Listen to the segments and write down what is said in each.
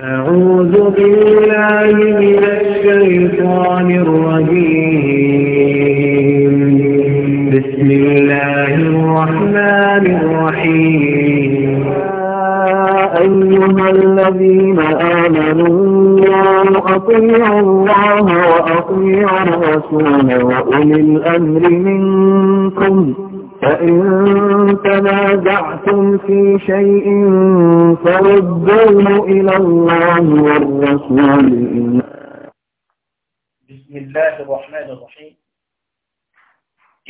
أعوذ بالله من الشيطان الرجيم بسم الله الرحمن الرحيم يا أيها الذين آمنوا أطيعوا الله وأطيعوا الرسول وأولي الأمر منكم فإن تنازعتم في شيء فردوه إلى الله والرسول بسم الله الرحمن الرحيم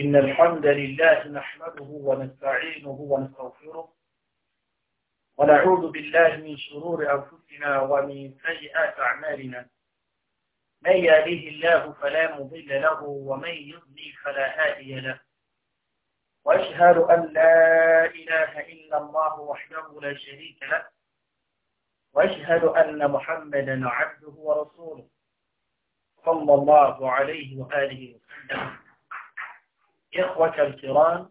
إن الحمد لله نحمده ونستعينه ونستغفره ونعوذ بالله من شرور أنفسنا ومن سيئات أعمالنا من يهده الله فلا مضل له ومن يضلل فلا هادي له وأشهد أن لا إله إلا الله وحده لا شريك له وأشهد أن محمدا عبده ورسوله صلى الله عليه وآله وسلم إخوة الكرام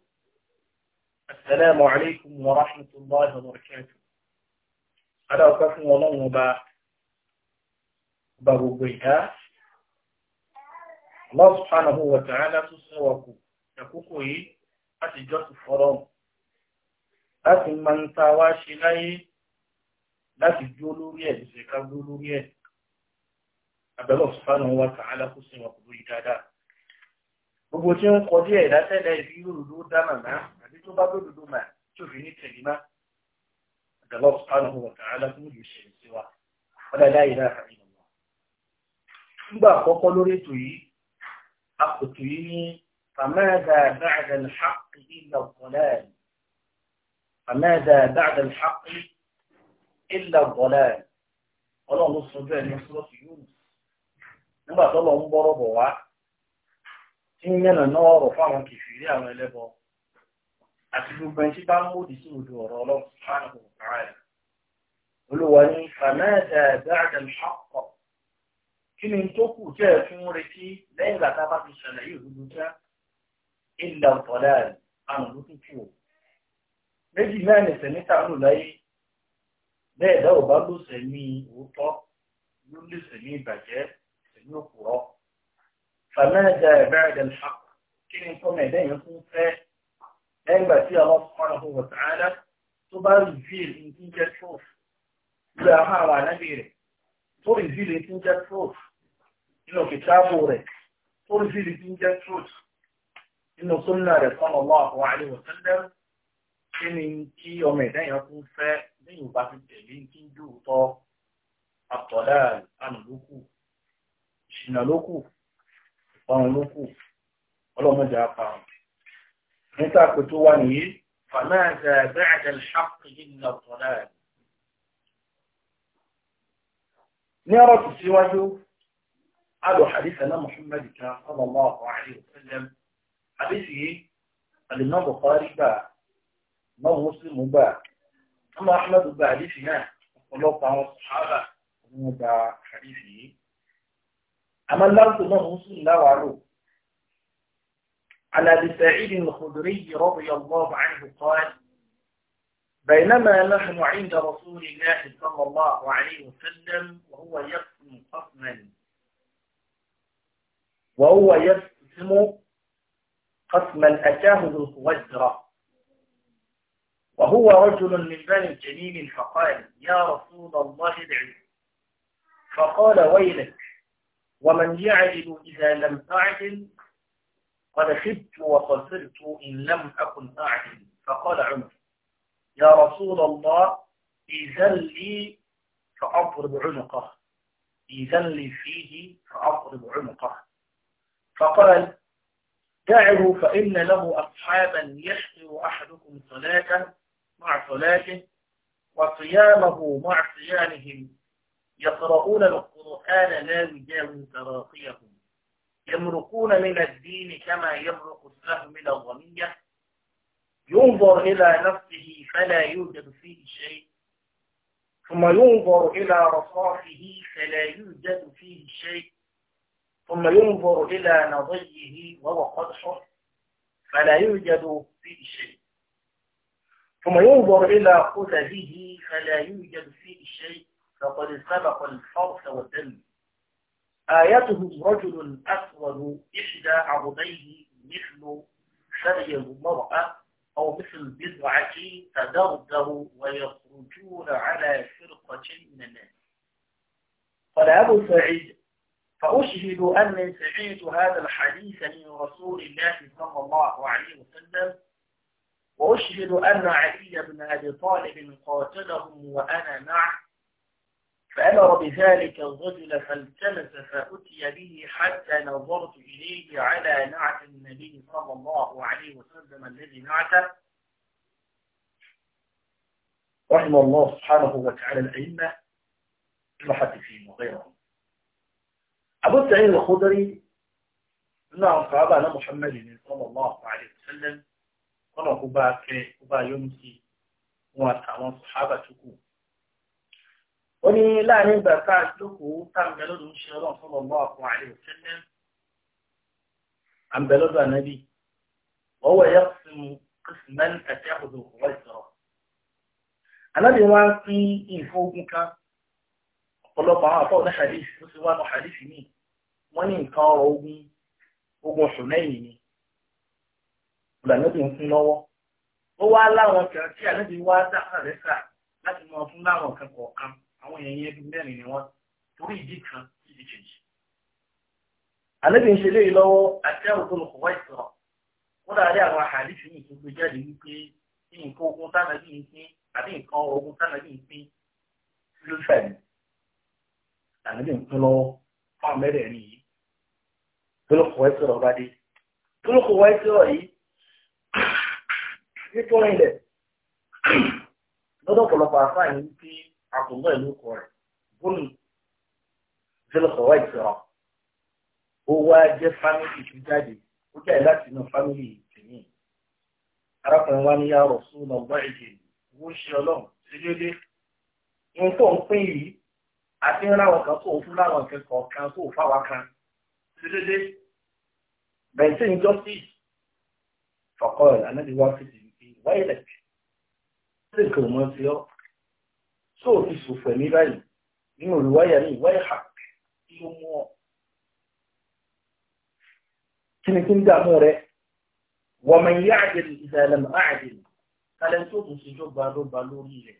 السلام عليكم ورحمة الله وبركاته على أكفر والله وبا الله سبحانه وتعالى تسوى كوكوي láti jọ́sìn fọ́rọ̀ láti máa ń ta wá ṣe láyé láti dúó lórí ẹ̀ ló ṣe ká dúó lórí ẹ̀ abẹ́lọ́ subhanahu wa ta'ala kó sí wọn kò lórí dáadáa gbogbo tí ń kọjú ẹ̀dá tẹ́lẹ̀ ìfi òdodo dámà náà àbí tó bá lódodo mà tí ò fi ní tẹ̀lé má abẹ́lọ́ subhanahu wa ta'ala kó lórí ìṣẹ̀lẹ̀ sí wa ọ̀dà la ilaha illallah nígbà àkọ́kọ́ lórí ètò yìí àkòtò yìí ní فماذا بعد الحق إلا الضلال فماذا بعد الحق إلا الضلال ọlọ́run ló sọjọ́ ẹni ọsọ́lọ́sì yóò nígbà tó lọ ń bọ́rọ̀ bọ̀ wá tí ń yẹ̀nà náà ọ̀rọ̀ fáwọn kìfìrí àwọn ẹlẹ́bọ àti gbogbo ẹni tí bá ń mòdì sí odò ọ̀rọ̀ ọlọ́run subhanahu wa ta'ala olùwà ní fàmẹ́ẹ̀dà ba'da al-haqq kí ni tó kù tẹ́ ẹ̀ fún retí lẹ́yìn ìgbà tá a bá ti ṣẹlẹ̀ yìí òdodo jẹ́ ìlà ọ̀pọ̀lá àrùn ló tún kú o méjì náà nìṣẹ́ níta ń lò láyé bẹ́ẹ̀ dáwò bá ló sẹ̀mí òótọ́ ló lè sẹ̀mí ìbàjẹ́ sẹ̀mí òkúrọ́ fàmẹ́ẹ̀dà ìbáradà ìfàk kí ni tọ́mọ ẹ̀dá yẹn fún fẹ́ lẹ́yìn ìgbà tí Allah subhanahu wa ta'ala tó bá rìvíl ní jẹ́ tróf lórí ahọ́n àwọn ànábì rẹ̀ tó rìvíl ní jẹ́ tróf nínú kìtàbù rẹ̀ tó rìvíl ní jẹ́ tróf nínú súnà rẹ̀ sallallahu alaihi wa sallam kí ni kí ọmọ ẹ̀dá yẹn kún fẹ́ lẹ́yìn ìgbà fi tẹ̀lé kí ń jù tọ́ àtọ̀dá ànàlókù ìṣìnà lókù ọ̀run lókù ọlọ́mọdé apàrọ̀ níta pé tó wà nìyí fàmáàtà bẹ́ẹ̀dẹ̀ ṣàkóso yìí ní ọ̀tọ̀dá rẹ̀ ọ̀rọ̀ tó síwájú حديث ايه الامام بخاري باع ما هو مسلم باع اما احمد باع حديث ما الله تعالى الصحابه هو باع حديث اما لفظ ما هو مسلم لا وعلو على ابي سعيد الخدري رضي الله عنه قال بينما نحن عند رسول الله صلى الله عليه وسلم وهو يقسم قسما وهو يقسم قسما أتاه ذو الخوزرة وهو رجل من بني جميل فقال يا رسول الله ادعي فقال ويلك ومن يعدل إذا لم أعدل قد خبت وصفرت إن لم أكن أعدل فقال عمر يا رسول الله إذا لي فأضرب عنقه إذا لي فيه فأضرب عنقه فقال تعبوا فإن له أصحابا يحضر أحدكم صلاة مع صلاته وصيامه مع صيامهم يقرؤون القرآن لا يجاوز تراقيهم يمرقون من الدين كما يمرق السهم من الغنية ينظر إلى نفسه فلا يوجد فيه شيء ثم ينظر إلى رصافه فلا يوجد فيه شيء ثم ينظر إلى نظيه وهو حر فلا يوجد فيه شيء ثم ينظر إلى خدده فلا يوجد فيه شيء فقد سبق الفرس والدم آيته رجل أسود إحدى عضديه مثل شري المرأة أو مثل بضعة تدرده ويخرجون على فرقة من الناس قال أبو سعيد فأشهد أني سمعت هذا الحديث من رسول الله صلى الله عليه وسلم وأشهد أن علي بن أبي طالب قاتلهم وأنا معه فأمر بذلك الرجل فالتمس فأتي به حتى نظرت إليه على نعت النبي صلى الله عليه وسلم الذي نعته رحم الله سبحانه وتعالى الأئمة المحدثين وغيرهم Abu Sa'id al-Khudri nínú àwọn sàábà náà Muhammad ní sallallahu alaihi wasallam ọ̀nà kó bá kẹ kó bá yọ́nú sí wọn àtàwọn sàábà tó kù. Ó ní láàrin ìgbà tá a jókòó táǹbẹ̀ lọ́dún ń ṣe ọlọ́run sallallahu alaihi wasallam àǹbẹ̀ lọ́dún ànábì. Wọ́n wọ̀ yẹ́ fún qisman àtẹ́kùdù wọ́ìsọ̀rọ̀. Ànábì wọn pín ìfowópin kan ọ̀pọ̀lọpọ̀ àwọn àfọ̀ ní hadith tó ti wá ní hadith míì wọ́n ní nǹkan ọ̀rọ̀ ogun ogun ṣùnẹ́yìn ni ọ̀dàlẹ́bí ń fún lọ́wọ́ ó wá láwọn kan tí àlẹ́bí wá dáhà láti mọ fún láwọn kan kọ̀ọ̀kan àwọn èèyàn yẹn bí mẹ́rin ni wọ́n torí ìdí kan ìdí kejì àlẹ́bí ń ṣe léyìí lọ́wọ́ àti àwòkọ́ lọ́kọ̀ wá ìsọ̀rọ̀ wọ́n dàrí àwọn àhàlífì yìí tó gbé jáde wípé nǹkan ogun tánàbí ń pín àbí nǹkan ogun tánàbí ń pín ló fẹ̀ ní àlẹ́bí ń pín lọ́wọ́ fún àmẹ́rẹ̀ẹ́rin yìí tólókù wáyé sọ̀rọ̀ bá dé tólókù wáyé sọ̀rọ̀ yìí nítorí ilẹ̀ lọ́dọ̀ ọ̀pọ̀lọpọ̀ àfáà yìí ti àtúntò ìlú kọ rẹ̀ bóyì tólókù wáyé sọ̀rọ̀ ó wá jẹ́ fámìlì tó jáde ó jáde láti inú fámìlì tèmi arákùnrin wa ní yàrá fún ọgbà èdè owó ṣe ọlọ́run sí dédé nǹkan òun pín yìí àti ńlá wọn kan kó òun fún láwọn kẹkọọ kan kó òun fáwọn kan dídédé bẹ̀ǹtì ń jọ́sí fọ̀kọ́ ẹ̀ anábì wá sí ti wáyé lẹ̀kẹ́ ṣé nǹkan mọ́ sí ọ́ tó o ti sòfò ẹ̀mí báyìí nínú olùwáyà ní ìwáyà hà kí ló mú ọ. kí ni kí ń dààmú rẹ wọ́n mọ̀ ìyá àjẹlì ìdàlẹ́mọ̀ àjẹlì kálẹ̀ tó tún ṣe dọ́gba dọ́gba lórí rẹ̀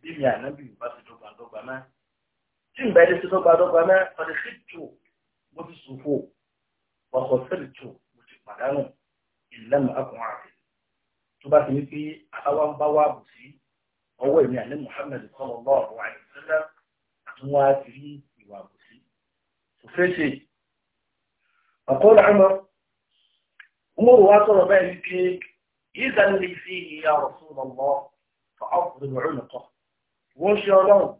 bí mi ànábì bá ṣe dọ́gba dọ́gba náà tí ń bá ẹni ṣe dọ́gba dọ́gba náà ọ̀dẹ̀ sí tù mo ti ṣòfò wàkọ̀ sẹ́lẹ̀ tó mo ti pàdánù ìlànà akùnrin àti tó bá ti ní pé àwa ń bá wà bù sí ọwọ́ èmi àní Muhammad sallallahu alaihi wasallam àtúnwá ti rí ìwà bù sí. sòfèsè ọ̀kọ́ làánà umaru wa sọ̀rọ̀ bẹ́ẹ̀ ni pé ìzàn lè fi ìyá ọ̀sùn lọ́wọ́ fọ́ ọ̀pọ̀lọpọ̀ ìrìnàkọ́ wọ́n ṣe ọlọ́run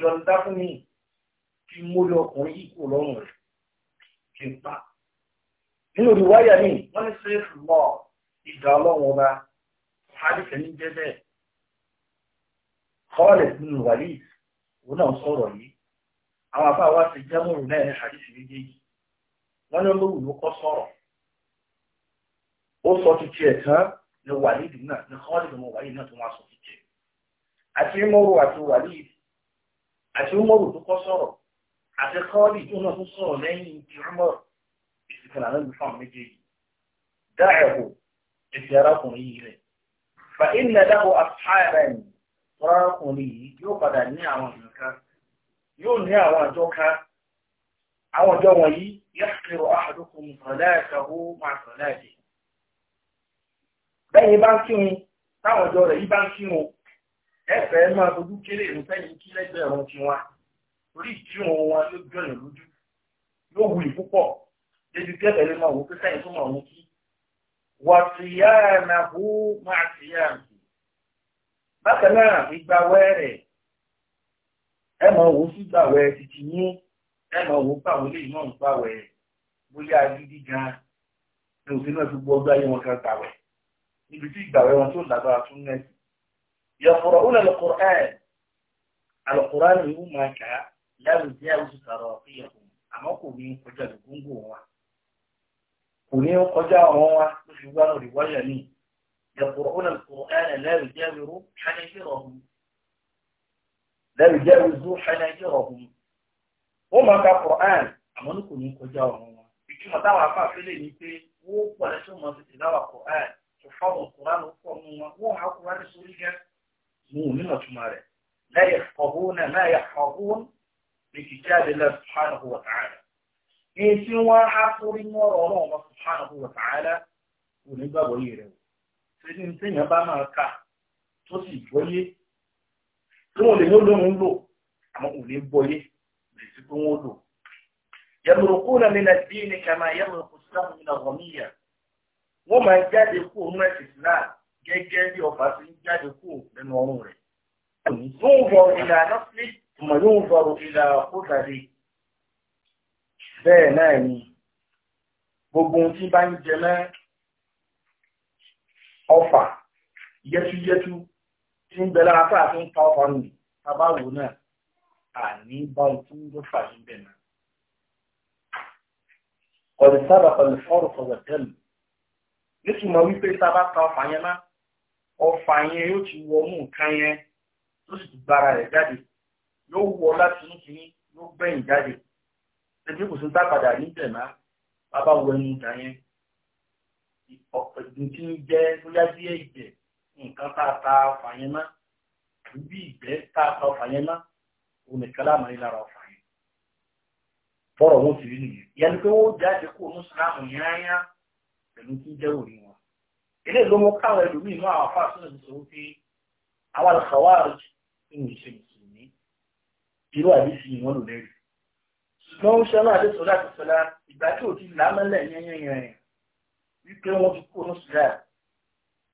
yọ̀ǹda fún mi kí mo lọ ọkùnrin yìí kúrò lọ́rùn rẹ̀ ti ń pa. Nínú ní wọ́n ní sẹ́ẹ̀fù mọ́ ìdá ọlọ́run ọba, Hadith ní jẹ́bẹ̀. Kọ́ọ̀lẹ̀ nínú Walid, òun náà sọ̀rọ̀ yìí. Àwọn afá wa ti jẹ́mùrù náà ní Hadith méjèèjì. Wọ́n ní olówù ló kọ́ sọ̀rọ̀. Ó sọ títí ẹ̀ tán ní Walid náà, ní Kọ́ọ̀lẹ̀ nínú Walid náà tó wá sọ títí. Àti Mọ́rù àti Walid, àti Mọ́rù tó kọ́ sọ̀rọ̀ àti kọ́ọ̀lì tó náà tó sọ̀rọ̀ lẹ́yìn ti Umar ìsìnkànnà náà ló fáwọn méjèèjì arákùnrin yìí rẹ̀ fa inna lahu ashaban arákùnrin yìí yóò padà ní àwọn nǹkan yóò ní àwọn àjọ ká àwọn àjọ wọ̀nyí yahqiru ahadukum salatahu ma'a salatihi bẹ́yìn bá ń kí táwọn ọjọ́ rẹ̀ yí bá ń kí ẹ̀fẹ́ máa dojú kéré ìrúfẹ́ yìí kí lẹ́gbẹ̀ẹ́ torí ìtúwọ̀n wọn ló jọyọ̀ lójú yóò wù í púpọ̀ débi kẹfẹ́ lè máa wò pé sẹ́yìn tó máa wù kí wàtíyáàna hú máa tíyáàna bákan náà ìgbàwẹ́ rẹ̀ ẹ máa wò sí gbàwẹ́ títí ní ẹ máa wò pàwọn ilé ìmọ̀ ń gbàwẹ́ bóyá gidi gan ní òfin náà fi gbọ́ ọgbà yìí wọn kan gbàwẹ́ níbi tí ìgbàwẹ́ wọn tó lágbára tún nẹ́ẹ̀sì yọ̀fọ̀rọ̀ ó lẹ́lọ́kọ̀ọ́ ẹ̀ àlọ́kọ̀ọ́ rẹ̀ ni ó máa kà á. lẹ́rù tí ẹ̀rù sọ̀rọ̀ ìyẹ̀kùn àmọ́ kò ní kọjá ìgbóngbò wọn kò ní kọjá ọ̀wọ́n wa ló fi wá lórí wáyà ní ìyẹ̀kùrọ̀ ó lẹ́rù kùrọ̀ ẹ̀rẹ̀ lẹ́rù jẹ́ irú ó máa ka kùrọ̀ àmọ́ ní kò ní kọjá wa ìtumọ̀ táwọn afáfẹ́ lè ní pé wọ́n ti kò fáwọn بكتاب الله سبحانه وتعالى إن سوى حفر ورور الله سبحانه وتعالى ونبا ويره سيدنا سيدنا بما كان توسي جويه tí wọ́n lè ní olóhun lò àmọ́ ò lè bọ́yé bẹ̀rẹ̀ tó wọ́n lò. yàmùrùkú náà mi náà dín ní kàmá yàmùrùkú sáwọn mi náà wọ́n mí yà. wọ́n máa jáde kú òun ẹ̀sìn gẹ́gẹ́ bí ọba ti jáde kú lẹ́nu ọrùn rẹ̀. wọ́n wọ ìlànà fílẹ̀ mọ̀ yóò ń sọ̀rọ̀ ìlà kókàlè bẹ́ẹ̀ náà ni gbogbo ohun tí bá ń jẹ mẹ́ ọfà yẹtúyẹtú tí ń bẹ lára fáà tó ń ta ọfà nù tábàwò náà àní bá ohun tó ń lọ fà ní bẹ̀ náà. ọ̀rẹ́ pẹ̀lú fọ́ọ̀rọ̀ sọ̀rọ̀ tẹ́lẹ̀ yóò wọ láti níkiri yóò gbẹ̀yìn jáde ẹbí kò tún dápadà ní tẹ̀má bàbá wọ ẹni ìgbà yẹn ọ̀pẹ̀dùn tí ń jẹ́ bóyá bí ẹ̀jẹ̀ nǹkan tá a ta ọ̀fà yẹn má bí ìgbẹ́ tá a ta ọ̀fà yẹn má òun nìkan láàmú ní lára ọ̀fà yẹn bọ́rọ̀ wọn ti rí nìyẹn ìyẹn ni pé wọ́n jáde kó òun sùlámù yányá pẹ̀lú tí jẹ́ òrí wọn eléyìí ló mú káwọn ẹlòmíì náà àwọn afáàsùn ìṣòro irú àdísì wọn lò lẹ́rìí ṣùgbọ́n ó ṣẹlá àdéṣọ láti sọlá ìgbà tí ò ti lámẹ́lẹ̀ yẹnyẹnyẹn wípé wọ́n ti kó ní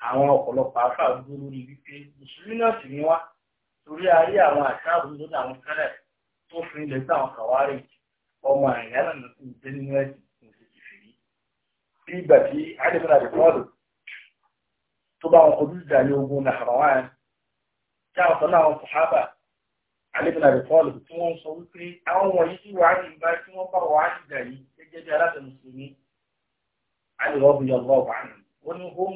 àwọn ọ̀pọ̀lọpọ̀ afá dúró lórí wípé mùsùlùmí náà sì ní wá torí ayé àwọn àṣàrò lọ́dọ̀ àwọn tẹ́lẹ̀ tó fi ilẹ̀ sí àwọn kàwárì ọmọ àyà náà ló nínú ẹ̀sìn alẹ́bìnrin àbẹ̀fọ́ọ̀lù tí wọ́n ń sọ wípé àwọn wọ̀nyí tí wàá yìí bá tí wọ́n bá wàá yìí dà yìí gẹ́gẹ́ bí aláṣẹ mùsùlùmí alìrọ́bù yọ lọ́ọ̀bù àná wọ́n ní hóm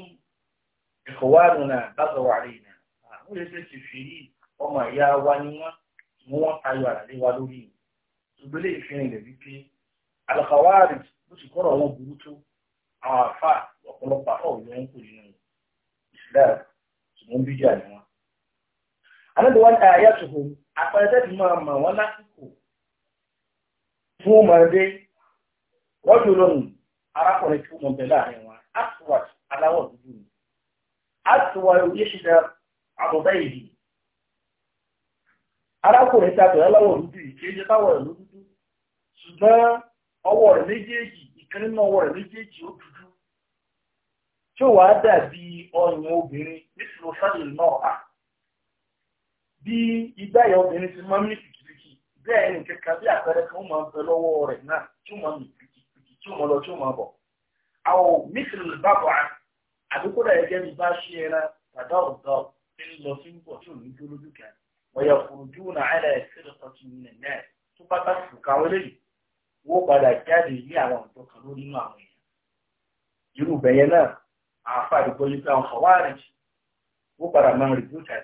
ìkọ̀wáàrùn náà bàtọ̀ wà rí iná àwọn èsì ti fi rí ọmọ ìyá wa ni wọ́n mú wọn tayọ àlàlé wa lórí yìí ṣùgbọ́n lè fi rìn wípé alìkọ̀wáàrì bó ti kọ́rọ̀ wọn burú tó àwọn àfà ọ̀pọ̀lọpọ̀ àfọ̀ òjò wọn kò nínú àpẹẹrẹ tẹ́tí máa mọ̀ wọ́n lásìkò fún ọmọdé wọ́n jù lónìí arákùnrin tí wọ́n bẹ̀ láàrin wọn atwat aláwọ̀ dúdú ni atwa oyè ṣẹlẹ̀ àbọ̀bá ìdí arákùnrin tí a bẹ̀rẹ̀ láwọ̀ dúdú yìí kì táwọ̀ rẹ̀ ló ṣùgbọ́n ọwọ́ rẹ̀ méjèèjì ìkan nínú ọwọ́ rẹ̀ méjèèjì ó dúdú tí ó wàá dàbí ọyàn obìnrin nítorí sálẹ̀ náà bí i ìyá obìnrin ti máa ń ní kìkìkì bẹ́ẹ̀ ni kankan bí àpẹẹrẹ kan máa ń bẹ lọ́wọ́ rẹ̀ náà tí ó máa ń mì kìkìkì tí ó máa lọ tí ó máa bọ̀. àwọn mísìlì bàbà àdúgbò rẹ̀ gẹ́gẹ́ bí bá ṣe ẹran ọ̀dọ́ tí ń lọ sí ń bọ̀ tí ò ní dúró lójú kan wọ́n nìyẹn tó bá bá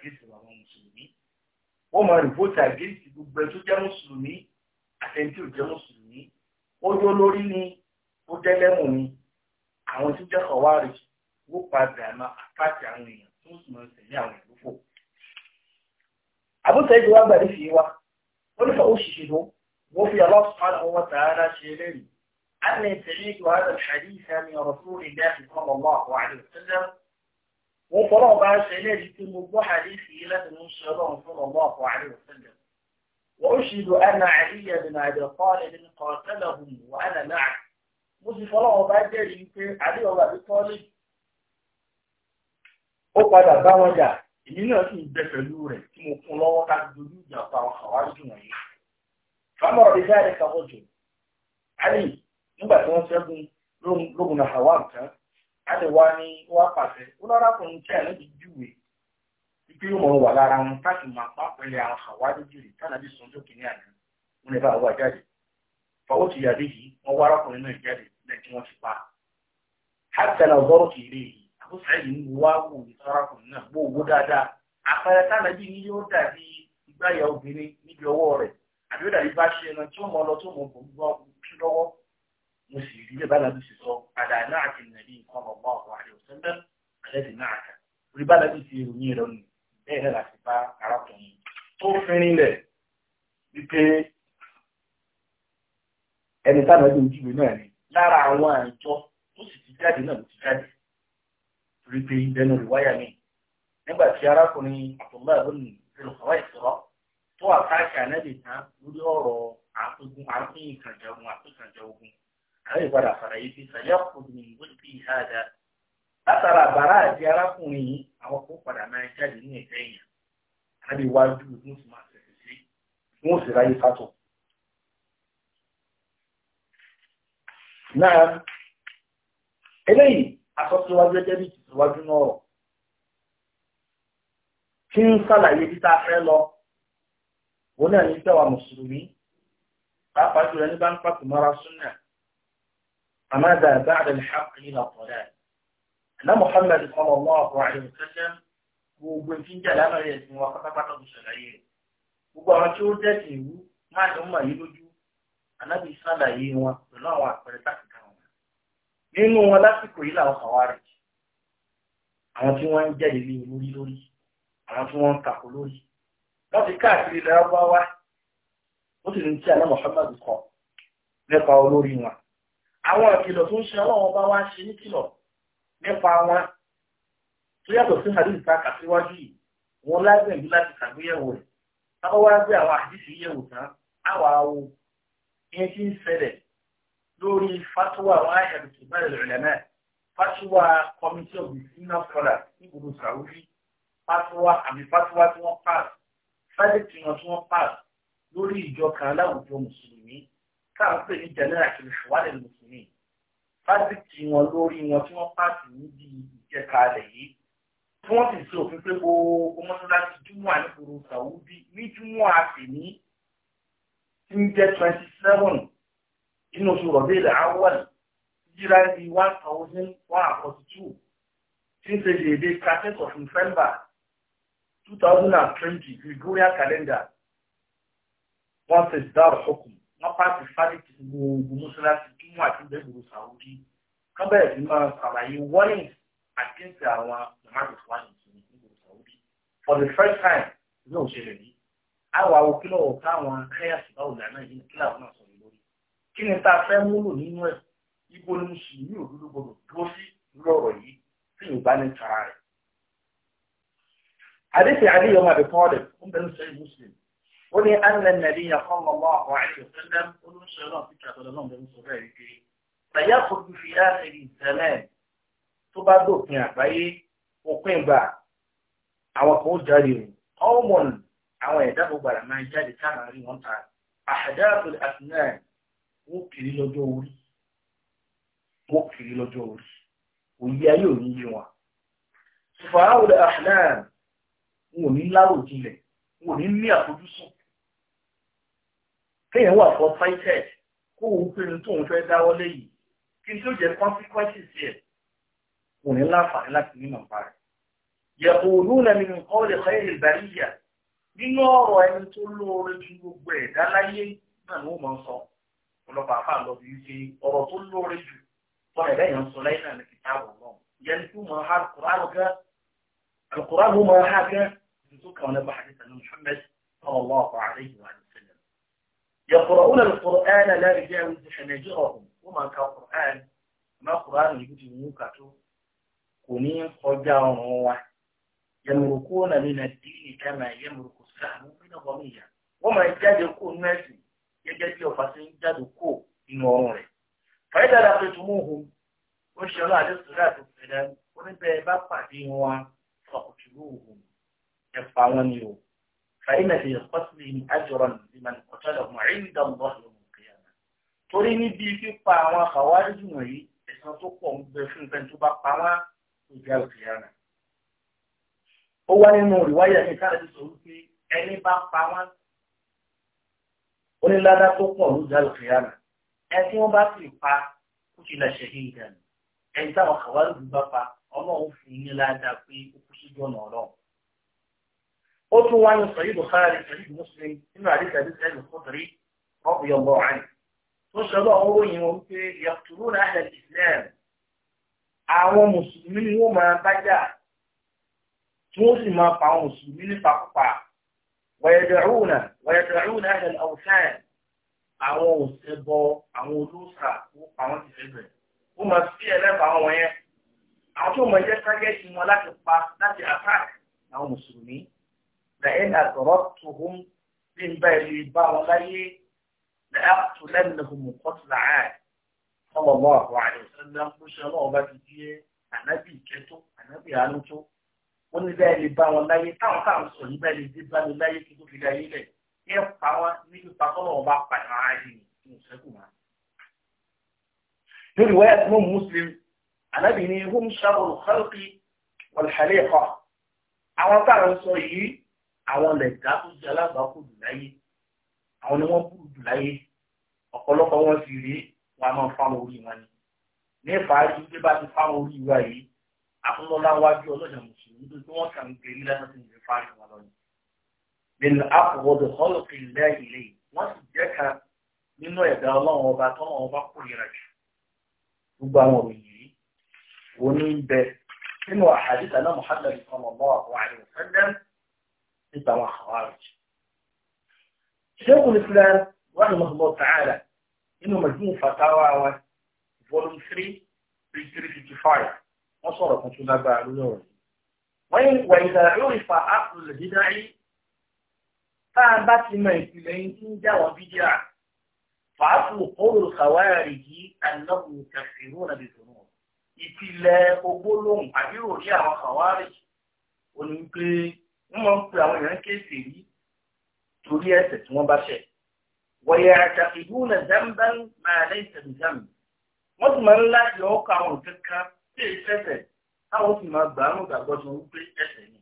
sùn wọ́n máa rìpótì àgéǹtì gbogbo ẹ̀ tó jẹ́ mùsùlùmí àtẹ̀ntì ò jẹ́ mùsùlùmí ó yó lórí ni ó dẹ́lẹ́mù ni àwọn tó jẹ́ kọ̀wárì wó padà máa àpáàtì àwọn èèyàn tó sì máa tẹ̀lé àwọn ìlúfò. àbúta ìdí wa gbàdé fi wá ó nífà ó ṣiṣẹ́ tó wọ́n fi Allah subhanahu wa ta'ala ṣe lẹ́yìn. أنا سمعت هذا الحديث من رسول الله صلى الله عليه وسلم mo fọlọ́ bá ṣe lẹ́yìn pé mo gbọ́ àdéhìí yìí láti mú ṣe ọlọ́run fún ọmọ ọkọ̀ àrẹ òṣèlú وأشهد أن علي بن أبي طالب قاتلهم وأنا معه mo sì fọlọ́wọ́ bá jẹ́rìí pé àdéhùn àbí ó padà bá wọn jà èmi náà sì ń bẹ pẹ̀lú rẹ̀ tí mo lọ́wọ́ ká dojú ìjà pa wọ̀nyí. jáde kàwọ́ jù a lè wá ní wá pàṣẹ ó lọ́ra kò ń tẹ́ ẹ̀ lóbi júwe ipe yóò mọ̀ wà lára wọn káàkiri máa pa pẹ̀lẹ́ àwọn àwárí jùlẹ̀ tánàbí sùn tó kìíní àná wọn lè bá wà jáde fọwọ́ ti yàrá yìí wọ́n wá arákùnrin náà jáde lẹ́yìn tí wọ́n ti pa hàtẹ́nà ọgọ́rùn kì í lè yìí àkóso ẹ̀yìn ń wá wò ní arákùnrin náà bó owó dáadáa àpẹẹrẹ tánàbí ni yóò dàbí ìgbáyà obìnrin níbi ọwọ́ rẹ̀ àbí ó dàbí bá ṣe ẹran mo sì rí bẹ́ẹ̀ bálábí sì sọ àdáná àti nàbí nǹkan ọ̀gbọ́n ọ̀gbọ́n àti òṣèlú àlẹ́dì náà kà orí bálábí sì ròyìn rẹ̀ nù bẹ́ẹ̀ náà láti bá arákùnrin tó fínrin lẹ̀ wípé ẹni táwọn ẹgbẹ́ ojúwe náà ni lára àwọn àjọ tó sì ti jáde náà ló ti jáde torí pé ìbẹnu rẹ̀ wáyà mi nígbà tí arákùnrin àtọ̀gbà ìbọnù ìbẹ̀rù kọ̀wá ìṣòro tó àkáàkì ànẹ́bì àbí padà fàlàyé fi sàyàkùn ní ìwé hàdà látara àbárá àti arákùnrin àwọn kò padà máa jáde ní ẹ̀fẹ́ yẹn àbí wájú ní oṣù máa tẹ̀sí sí wọn ò sì fátọ̀. náà eléyìí asọ́síwájú ẹgbẹ́ bíi tìsíwájú náà kí ń sàlàyé bí fẹ́ lọ òun náà ní tẹ́wàá mùsùlùmí pàápàá jùlọ ní bá ń pàtó mọ́ra súnà. فماذا بعد الحق إلى الضلال أن محمد صلى الله عليه وسلم gbogbo tí ń jà lámàrin ẹ̀sìn wa pátápátá tó ṣàlàyé rẹ̀ gbogbo àwọn tí ó dẹ̀sìn ìwú máa ló mà yí lójú anábì ṣàlàyé wọn pẹ̀lú àwọn àpẹẹrẹ tákìkà wọn nínú wọn lásìkò yìí làwọn kan wá rẹ̀ àwọn tí wọ́n ń jẹ́ ilé lórí lórí àwọn tí wọ́n ń tako lórí wọ́n ti káàkiri lọ́wọ́ wá ó sì ń tí àná Muhammad kọ nípa olórí wọn àwọn ìkìlọ̀ tó ń ṣe ọlọ́wọ́ bá wá ṣe níkìlọ̀ nípa wọn tó yàtọ̀ sí hadith ta kà síwájú yìí wọn lágbẹ̀lú láti ṣàgbéyẹ̀wò rẹ̀ tábọ́ wá gbé àwọn àdìsí yẹ̀wò tán àwọn awo ìyẹn tí ń ṣẹlẹ̀ lórí fatuwa àwọn àyàdù tó bá ìlú ìlẹ̀ náà fatuwa committee of the senior scholars nígboro sàwúrí fatuwa àmì fatuwa tí wọ́n pass fẹ́lẹ̀ tí wọ́n pass lórí ìjọ kan láwùjọ mùsùlùmí káàpé ní jẹnẹra kìlì ṣùwádìí mùsùlùmí fásitì wọn lórí wọn tí wọn pàṣẹ níbi ìjẹkalẹ̀ yìí tí wọn sì ṣe òfin gbogbo mọ́sálásí júmọ́ àníkòrò sàwùdí ní júmọ́ àtìní tí ń jẹ́ twenty seven inú oṣù rọ̀bẹ́lẹ̀ awọ́lì jíra ní one thousand one forty two tí ń ṣe déédéé thirtieth of November two thousand and twenty Gregorian calendar wọ́n ṣe dáhùn ọkùn wọ́n pàṣẹ fáṣítì gbogbo mọ́ṣáláṣí túmọ̀ àti ìdẹ́gbòrò sàwùdí kán bẹ̀rẹ̀ sí máa ṣàlàyé warnings against àwọn mohammed wà ní ìgbòrò sàwùdí for the first time ló ń ṣẹlẹ̀ yìí àwọn àwọn kí lọ́wọ́ káwọn kẹ́yàsì báwo lànà yìí kí làwọn náà sọ̀rọ̀ lórí kí ni tá a fẹ́ múlò nínú ẹ̀ ibo ni mùsùlùmí òdodo gbọdọ̀ dúró sí lọ́rọ̀ yìí tí yóò bá ní tara rẹ̀. àdéhùn àdéhùn ọmọ àbẹ̀kọ́ rẹ̀ ń bẹ̀rù sẹ́yìn mùsùlùmí ó ní anẹ́nẹ̀lì àkọ́lọ́wọ́ àwọn àìsílẹ̀ olóṣèlú àti kàtọ́lọ́ náà ló ń sọ bẹ́ẹ̀ wípé ṣàyà kò ju fi áàrin ìtẹ́lẹ̀ tó bá dópin àgbáyé òpin ìgbà àwọn kan ó jáde o ọmọn àwọn ẹ̀dá gbogbo àrà máa jáde káàmà rí wọn ta àṣàdá àtòlẹ̀ àtìlẹ̀ wọ́n lọ́jọ́ orí wọ́n kiri lọ́jọ́ orí òye ayé òní yé wọn ṣùfàáwò àtìlẹ̀ wọn ò ní láwò jinlẹ̀ wọn ò ní ní àfojúsùn kéèyàn wà fọ fighted kó òun pé tóun fẹ́ dáwọ́ léyìí kí n tó jẹ consequences yẹ kò ní láǹfààní láti nínú ọ̀pá rẹ̀. yẹ̀bù olúna mi nǹkan lè fẹ́ ìbáríyà nínú ọ̀rọ̀ ẹni tó lóore ju gbogbo ẹ̀dá láyé náà ni ó máa ń sọ ọlọ́pàá àfà lọ bí wípé ọ̀rọ̀ tó lóore jù wọn ẹ̀dá yẹn sọ láyé náà ní kìtà àwòrán yẹn tó máa ha alukóránù gan alukóránù máa ha gan nítorí kan náà bá àdìsàn ní Muhammad sallallahu alaihi wa sallam. يقرؤون القرآن لا يجاوز حناجرهم وما كان قرآن ما قرآن يجوز موكاتو كونين قجاهم هو يمركون من الدين كما يمرك السهم من الرمية وما يجاد يكون ناسي يجاد يفاسين جاد كو من ورونه فإذا لقيتموهم وإن شاء الله عليه الصلاة والسلام ومن بيبقى فيهم فاقتلوهم يفعلون يوم فإن في قتلهم أجرا لمن قتلهم عند الله يوم القيامة torí níbi fípa àwọn àkàwárí wọ̀nyí ẹ̀san tó pọ̀ ń bẹ fún ìfẹ́ tó bá pa wọ́n ìjà òkèèrà ó wá nínú ìwáyà ní káàdì sọ wípé ẹni bá pa wọ́n ó ní ládá tó pọ̀ lójà òkèèrà ẹ tí wọ́n bá sì pa kó ti lè ṣe ìdànù ẹni táwọn àkàwárí bá pa ọlọ́run fún yín ládàá pé ó kú sójú ọ̀nà ọlọ́run ó tún wáyé sọ̀yí Bukhari sọ̀yí Muslim nínú àdìsí àdìsí ẹ̀lú kọ́tàrí ọ̀bùn yọ̀ lọ́wọ́ àyè tó ṣọlọ́ owó yìí wọn pé yàtúrú náà àwọn mùsùlùmí ni wọ́n máa bá jà tí wọ́n sì máa pa àwọn mùsùlùmí nípa púpà wọ̀yẹ̀dẹ̀rún náà wọ̀yẹ̀dẹ̀rún ọ̀sán àwọn òṣèbọ àwọn olóòṣà àwọn ti fẹ́ bẹ̀rẹ̀ ó máa fi ẹlẹ́bà àwọn wọ̀nyẹn àwọn tó máa jẹ́ ságẹ́tì wọn láti pa láti àtàkì àwọn mùsùlùmí فإن أدركتهم من بالي بغلي لأقتلنهم قتل عاد صلى الله عليه وسلم وشلوه بديه ànábì ìkẹ́tọ́ ànábì àánútó ó ní bẹ́ẹ̀ lè bá wọn láyé táwọn táwọn sọ ní bẹ́ẹ̀ lè dé bá mi láyé kí tó fi láyé lẹ̀ ẹ pa wọn ní pípa tọ́lọ̀ wọn bá pa ìmọ̀ ara ẹni ní ìṣẹ́kù wọn. lórí wáyà tí wọ́n mùsùlùmí ànábì ní hum sharul khalqi wal haliqa àwọn táwọn sọ yìí àwọn lẹ̀dá tó jẹ́ alábàákù jù láyé àwọn ni wọ́n kú jù láyé ọ̀pọ̀lọpọ̀ wọn sì rí wọn a máa fáwọn orí wọn ni ní ìparí bí bá ti fáwọn orí wa yìí àfúnlọ́lá wájú ọlọ́jà mùsùlùmí tó tí wọ́n kàn gbé nílẹ̀ tó ti lè fárí wọn lọ́nà nínú àpòwọ́dọ̀ ọlọ́pìn ilẹ̀ ilé wọ́n sì jẹ́ kan nínú ẹ̀dá ọlọ́run ọba tọ́lọ́run ọba kórìíra jù gbogbo àwọn òyìn yìí wọ́n bẹ nínú àhàdìtà náà Muhammad sallallahu alaihi wasallam nípa àwọn Khawarij. Sheikhul Islam rahimahullah ta'ala nínú Majmu Fatawa wa volume three page three fifty five wọ́n sọ̀rọ̀ kan tó lágbára lórí ọ̀rọ̀ yìí. Wọ́n yẹn wà ìdàrú ìfà àpùlù dídáyé tá a bá ti ìpìlẹ̀ yín tí ń àwọn kàwáàrí ò ń mọ̀ ń pe àwọn èèyàn kéèsì yìí torí ẹ̀ṣẹ̀ tí wọ́n bá ṣẹ̀. wọ̀yẹ̀ àtàkìdú nà dáńbá máa lẹ́yìn tẹ̀mítàmì wọ́n sì máa ń láti ọkọ̀ àwọn nǹkan kan tí èyí fẹ́fẹ̀ táwọn sì máa gbà ń gbàgbọ́ tí wọ́n pé ẹ̀ṣẹ̀ ni.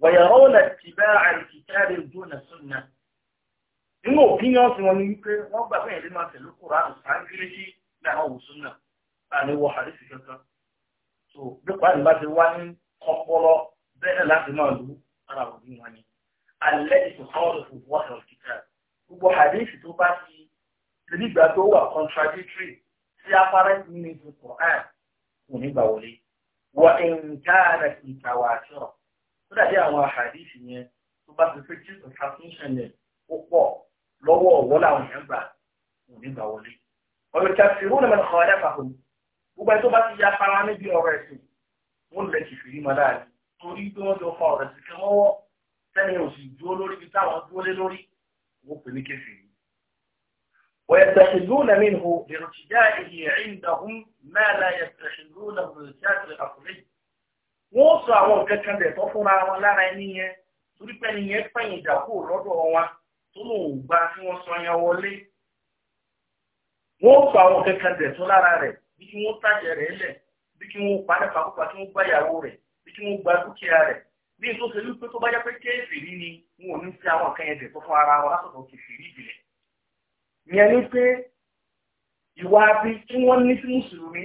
wọ̀yẹ̀ ọ̀hún nà ti bá àìsíkáre ojú nà sunna. nínú òkínyàn tí wọ́n ní wípé wọ́n gbà bẹ́ẹ̀ lè máa tẹ̀lé Kùránì bẹ́ẹ̀ láti máa lu ara òbí wọn ni alẹ́ ìtòkọ́rọ̀ fún wọ́n ọ̀rọ̀ kíkà gbogbo hadith tó bá ti nígbà tó wà contradictory sí afárá nínú ìlú Quran kò ní gbà wọlé wọ nǹkan ìtàwà àṣọ tó dàbí àwọn hadith yẹn tó bá ti fẹ́ jí ìtàkùnṣẹ́ yẹn ó pọ̀ lọ́wọ́ ọ̀wọ́ làwọn èèyàn gbà kò ní gbà wọlé ọ̀rọ̀ kàfìrú ni mẹ́ta kọ́ ẹ̀dá fàkùn gbogbo ẹ̀ tó bá ti yá afárá níbi ọ̀rọ̀ ẹ̀sìn wọ́n lè kìfìrí mọ́ dáadé torí pé wọ́n jọ fa ọ̀rọ̀ sí kí wọ́n wọ́ tẹ́lẹ̀ òsì dúró lórí ibi táwọn dúró lé lórí wọ́n pè ní kéfì yìí. ويتخذون منه لارتجائه عندهم ما لا يتخذونه للشاك الأصلي wọ́n sọ àwọn nǹkan kan dẹ̀ tó fúnra wọn lára ẹni yẹn torí pé ẹni yẹn pẹ̀yìn ìjà lọ́dọ̀ wọn tó lòun ò gba tí wọ́n sọ yẹn wọlé wọ́n sọ àwọn nǹkan dẹ̀ tó lára rẹ̀ bí kí wọ́n tàjẹ̀ rẹ̀ lẹ̀ bí kí wọ́n pa nípa kí wọ́n gbá ìyàwó rẹ̀ tí wọ́n gba dúkìá rẹ̀ bí n tó ṣe wípé tó bá jẹ́ pé kéèfìrí ni wọn ò ní fi àwọn nǹkan yẹn dẹ̀ tó fún ara wọn lásìkò kèfìrí ìbílẹ̀. ìyẹn ni pé ìwà bí tí wọ́n ní sí mùsùlùmí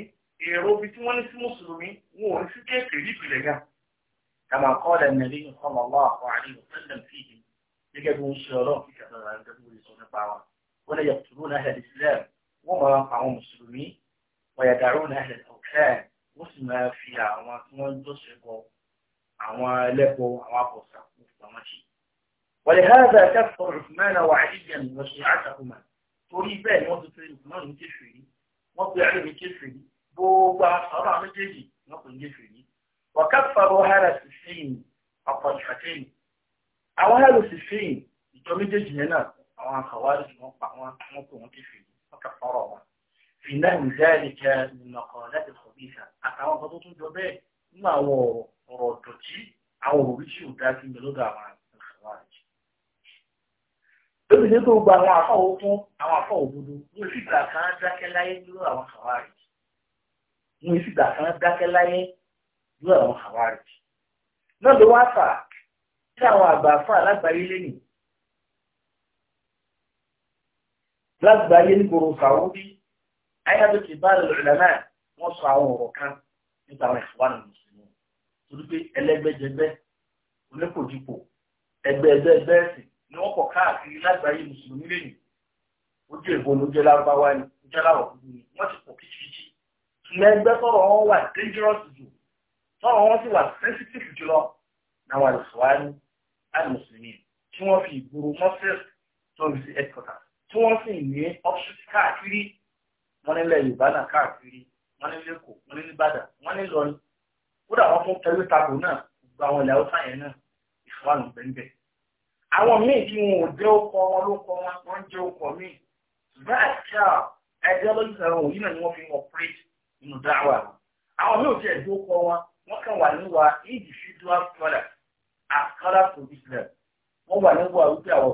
èrò bí tí wọ́n ní sí mùsùlùmí wọn ò ní sí kéèfìrí ìbílẹ̀ náà. kàmá kọ́ọ̀dà nàlẹ́ ìfọ̀mọ̀ aláàfọ̀ àríwọ̀ sẹ́lẹ̀ fìdí gẹ́gẹ́ bí wọ́n ṣe ọlọ́run wọ́n sọ nípa náà ẹ̀dí sílẹ̀ wọ́n wọ́n sì máa fi àwọn tí wọ́n ń jọ́sẹ̀ bọ àwọn ẹlẹ́bọ àwọn àbọ̀sà fún ìpamọ́ sí. ولهذا كفر عثمان وعليا وشيعتهما torí bẹ́ẹ̀ ni wọ́n ti fẹ́ ìpínlẹ̀ ní kéfìrí wọ́n pe àlè ní kéfìrí gbogbo àṣọ̀rọ̀ àwọn méjèèjì wọ́n pe ní kéfìrí wọ́n kẹ́fọ̀rọ̀ hẹ́rẹ́ sì fíìn ọ̀pọ̀ ìfàtẹ́yìn àwọn hẹ́rẹ́ sì fíìn ìjọ méjèèjì yẹn náà àwọn àkàwárí wọ́n pa wọ́n wọ́n kéfìrí wọ́n wọn. في نحو ذلك من مقالات الخبيثة àtàwọn ọkọ̀ tó tún jọ bẹ́ẹ̀ nínú àwọn ọ̀rọ̀ ọ̀dọ̀tí àwọn oríṣi òdá sí mẹ́lódà àwọn àṣàwárí. lóbi nípa gbogbo àwọn afọ òkun àwọn afọ òdodo ní ìsìgbà kan dákẹ́ láyé lórí àwọn àṣàwárí. ní ìsìgbà kan dákẹ́ láyé lórí àwọn àṣàwárí. náà ló wá fà sí àwọn àgbà fún alágbàáyé lẹ́nìí. lágbàáyé nígboro sàwọ́bí ayájọ́ ti bá rẹ̀ lọ́rẹ̀ náà wọ́n sọ àwọn ọ̀rọ̀ kan nípa àwọn ìfọwọ́nà mùsùlùmí torí pé ẹlẹ́gbẹ́jẹgbẹ́ oníkòjúpò ẹgbẹ́ ẹgbẹ́ ẹgbẹ́ ẹ̀sìn ni wọ́n kọ̀ káàkiri lágbàáyé mùsùlùmí lẹ́yìn ojú èbó ló jẹ́ lárúbáwá ni ó jẹ́ láwọ̀ dúdú ni wọ́n ti pọ̀ kíkíkí ṣùgbọ́n ẹgbẹ́ tọ́rọ̀ wọn wà dangerous jù tọ́rọ̀ wọn sì wà sensitive jùlọ náwọn àlùfọ́wání àlùmùsùlùmí tí wọ́n fi ìgboro mọ́sẹ̀s tó ń fi headquarter tí wọ́n sì ní ọ́fíìsì káàkiri wọ́n nílẹ̀ yorùbá náà káàkiri wọ́n ní lẹ́kọ̀ọ́ wọ́n ní nìbàdàn wọ́n ní lọ́rin kódà wọ́n fún kẹwé tako náà gbogbo àwọn ilẹ̀ haúsá yẹn náà ìfọwọ́nù bẹ́ńbẹ́. àwọn míì tí wọn ò jẹ́ ọkọ wọn ló kọ wọn wọ́n jẹ́ ọkọ míì ṣùgbọ́n àṣà ideology àwọn òyìn náà ni wọ́n fi operate nínú dáwà àwọn míì ò tiẹ̀ jẹ́ ọkọ wọn wọ́n kàn individual product as color to business wọ́n wà níwà wípé àwọn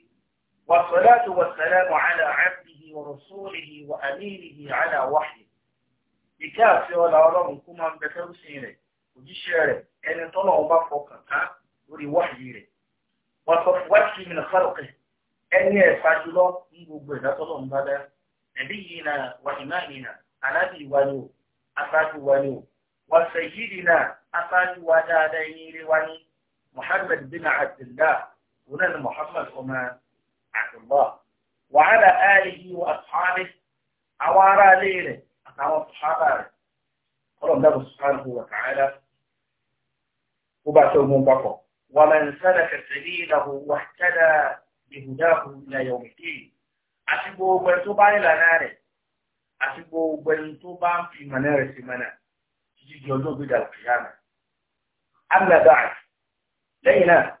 والصلاة والسلام على عبده ورسوله وأمينه على وحيه بكاف والعرام كما بكر سينه وجشير أن طلع ما فوقك وري وحيه وصفوته من خلقه أن يفعل الله من قبل نبينا وإمامنا أنبي ولو أفاد ولو وسيدنا أفاد ودادين رواني محمد بن عبد الله ونال محمد أمان عبد الله وعلى آله وأصحابه أوارى ليله أتعوى الصحابة قال الله سبحانه وتعالى وبعثوا من بقى ومن سلك سبيله واهتدى بهداه إلى يوم الدين أتبوا وانتبع إلى ناره أتبوا وانتبع في منار سمنا تجي جلوب إلى القيامة أما بعد لينا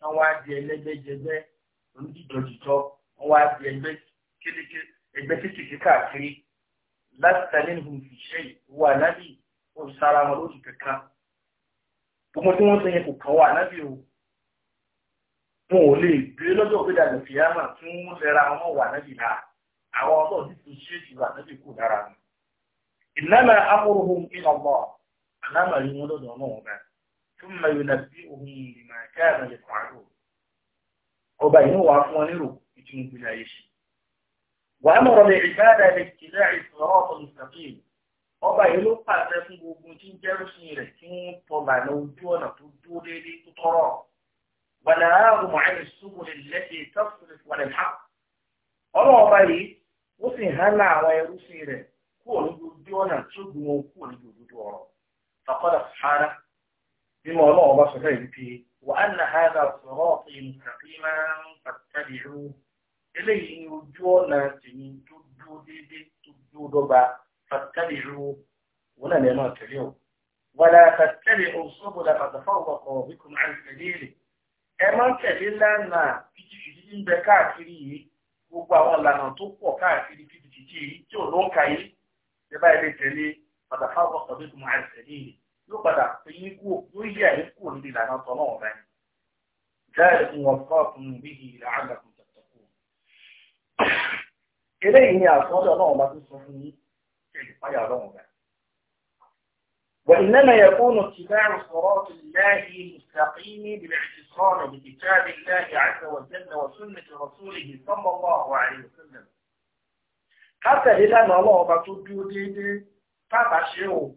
wọ́n wá di ẹlẹ́gbẹ́jẹgbẹ́ onídìjọ́jìjọ́ wọ́n wá di ẹgbẹ́ kékeré káàkiri láti tẹ̀lé nìkan fi ṣe wà nábì òṣìṣàrà wọn lóṣù kẹka gbogbo tí wọ́n sẹ́yìn kò kàn wà nábì o wọn ò lè gbé lọ́jọ́ òbí dàgbà fìyàmà tí wọ́n lẹ́ra wọn wà nábì náà àwọn ọlọ́run ti fi ṣe ìwà nábì kù dára ni ìlànà amúrùhùn ìlànà àlámà yìí wọn lọ́dọ̀ ọlọ́run náà ثم ينبئهم بما كانوا يفعلون ọba yìí wà fún wọn nírò ìtumù ìpìlẹ̀ ayé ṣe wà á mọ̀rọ̀ lè ìbáàdà lè tìlẹ̀ ìsọ̀rọ̀ ọ̀tọ̀ ìsàkíyè ọba yìí ló pàṣẹ fún gbogbo tí ń jẹ́rùsìn rẹ̀ ó sì hàn àwọn rẹ̀ kúrò ní ọ̀nà kúrò ní ọ̀rọ̀ بما ọlọ́run bá sọ fẹ́yìn pé wà á nà ha dà sọ̀rọ̀ ìmùkàfíìmá pàtàkìrú eléyìí ni ojú ọ̀nà tèmi tó dúró déédéé tó dúró عن سبيله. wọn náà lẹ́nu àtẹ̀lé o wàlá pàtàkìrú òṣùwò la pàtàkì ọ̀pọ̀ bíkùn àìsèléèrè ẹ máa ń tẹ̀lé lánàá kìtìkìtì ń bẹ káàkiri yìí gbogbo àwọn ìlànà tó pọ̀ káàkiri kìtìkìtì yìí tí ò ló ń ka yìí ẹ báyìí lè tẹ̀lé pàtàkì ọ̀pọ̀ bíkùn àìsèléèrè yóò padà pé yín kú yóò yí àyín kú níbi ìlànà ọ̀tọ̀ náà rẹ̀. Jáde fún wọn kọ́ fún bí ìlà àgbàkùn tẹ̀tẹ̀ kù. Eléyìí ni àtúntò náà bá tún sọ fún yín ṣe ìpáyà ọlọ́run rẹ̀. وإنما يكون اتباع صراط الله المستقيم بالاعتصام بكتاب الله عز وجل وسنة رسوله صلى الله عليه وسلم. حتى إذا ما الله بتوجد تابع شيء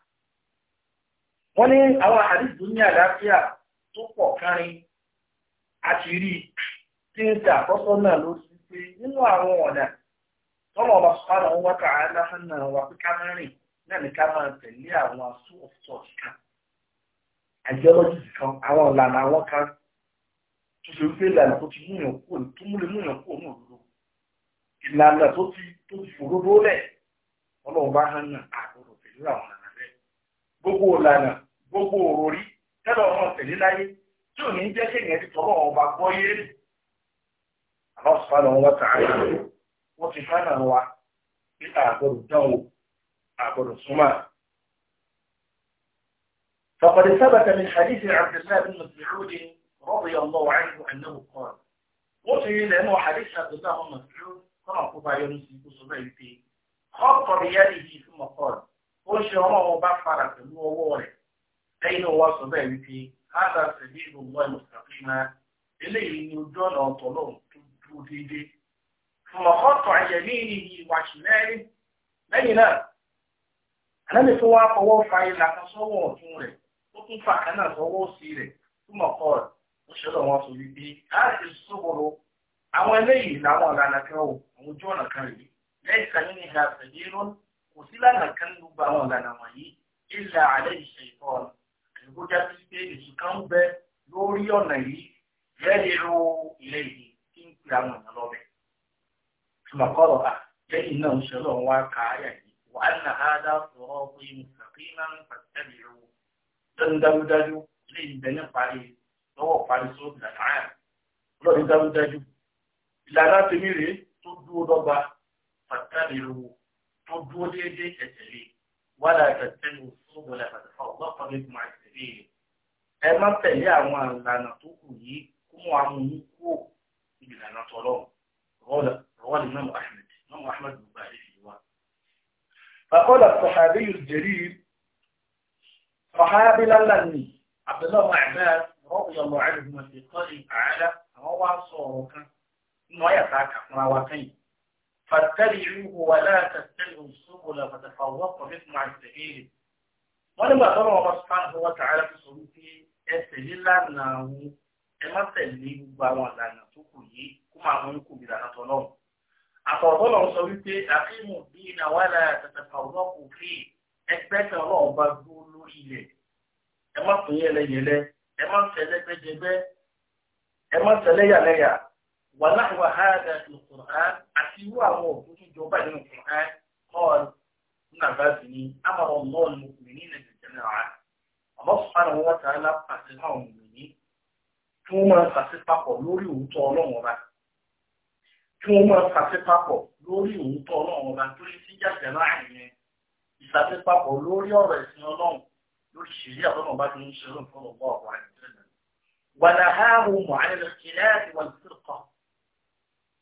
wọ́n ní àwọn àdìsù ní àlàáfíà tó pọ̀ kárin àti rí tí ń ta náà ló ti pé nínú àwọn ọ̀nà tọ́lọ̀ ọba sùpárà ń wákà aláhánà wà pé kámẹ́rìn náà ní ká máa tẹ̀lé àwọn aṣọ ọ̀tọ̀ àwọn àwọn kan tó ṣe wípé ìlànà tó ti múyàn kúrò tó múlẹ̀ múyàn kúrò ní òdodo ìlànà àwọn gbogbo ìlànà gbogbo òròrí tẹ́lọ̀ ọmọ tẹ̀lé láyé tí ò ní jẹ́ kí èèyàn ti tọrọ ọba gbọ́ yé àwọn sùpàdé wọn wọ́n tààrà wọ́n ti fánà wa pé àgbọ̀dọ̀ dánwò àgbọ̀dọ̀ súnmọ́ فقد ثبت من حديث عبد الله بن مسعود رضي الله عنه انه قال وفي لانه حديث عبد الله بن مسعود كما قال يونس بن خط بيده ثم قال ó ṣe ọlọ́run bá fara pẹ̀lú ọwọ́ rẹ̀ na náà wá sọ bẹ́ẹ̀ wípé hádà sẹ̀bí ìlúwọ́ ìmọ̀sàkí máa eléyìí ni ojú ọ̀nà ọ̀tọ̀ lọ́run tó dúró déédéé. fùmọ̀kọ́tọ̀ àyẹ̀mí ni ìwàṣì lẹ́yìn lẹ́yìn náà tó wá fọwọ́ fa ilà kan sọ́wọ́ ọ̀tún rẹ̀ ó tún kan náà sọ́wọ́ rẹ̀ rẹ̀ ó ṣe lọ́wọ́ sọ wípé láti sọ́wọ́rọ̀ àwọn eléyìí làwọn ọ̀lànà kan ò àwọn ojú ọ̀nà kan rèé lẹ́yìn ìhà kò sí lánàá kan ló gba àwọn ìlànà wọ̀nyí ilà àlẹ́ ìṣe ìtọ́ ọ̀nà ìlú já sí pé èsì kan ń bẹ lórí ọ̀nà yìí lẹ́yìn ro ilẹ̀ yìí tí ń pe àwọn èèyàn lọ́bẹ̀. Tùmọ̀kọ́rọ̀ à lẹ́yìn náà ń ṣe lọ́wọ́ wá ka àyà yìí wà nà á dá sọ̀rọ̀ pé mùsàkí máa ń pàtẹ́lẹ̀ ro dájúdájú ilé ìbẹ̀ parí lọ́wọ́ parí sóòtù àtàrà lọ́dún dájúdájú ọdún déédéé tẹ̀tẹ̀lé wàlá tẹ̀tẹ̀lé sóbò lẹ́fẹ̀ẹ́fẹ́ ọ̀gbọ́n mi kùmà ìtẹ̀lé ẹ má tẹ̀lé àwọn ìlànà tó kù yìí kó mọ àwọn yìí kú ibi ìlànà tọ́lọ́ rọ́ọ̀lì mẹ́mọ́ Ahmed mẹ́mọ́ Ahmed gbogbo àdé fi wá. فقال الصحابي الجليل صحابي لنني عبد الله عباس رضي الله عنهما في قوله تعالى هو صورك انه يتاكا فراوكين فاتبعوه ولا تتبعوا السبل فتفرق بكم عن سبيله wọ́n nígbà tọ́rọ ọmọ sùpáàlù wọ́n tààrà fi sọ wípé ẹsẹ̀ nílànà àwọn ẹ má tẹ̀lé gbogbo àwọn ìlànà tó kù yìí kó máa mú kù ìlànà tọ́lọ́run àtọ̀tọ́ lọ sọ wípé àfihàn bí iná wà lára tẹ̀tẹ̀ pàwọ́ kò fi ẹgbẹ́ kan lọ́wọ́ bá dúró lórí ilẹ̀ ẹ yẹlẹyẹlẹ ẹ má tẹ̀lé gbẹjẹgbẹ ونحو هذا في القرآن أسوى موجود جوبا من القرآن قال ابن عباس أمر الله المؤمنين بالجماعة الله سبحانه وتعالى قصدها المؤمنين ثم قصدها لوري وطولهم وما ثم قصدها lórí òótọ́ ọlọ́run ọba tó lè sí jáde láàrin yẹn ìsàtẹ́papọ̀ lórí ọ̀rọ̀ ẹ̀sìn ọlọ́run lórí ṣèlú àtọ́nà ọba tó ń ṣe ọlọ́run fún ọgbà ọ̀pọ̀ àìsílẹ̀ wàdà háàrù mọ̀álẹ́lẹ́ kìlẹ́ẹ̀tì wà lùsìrìkọ̀ọ́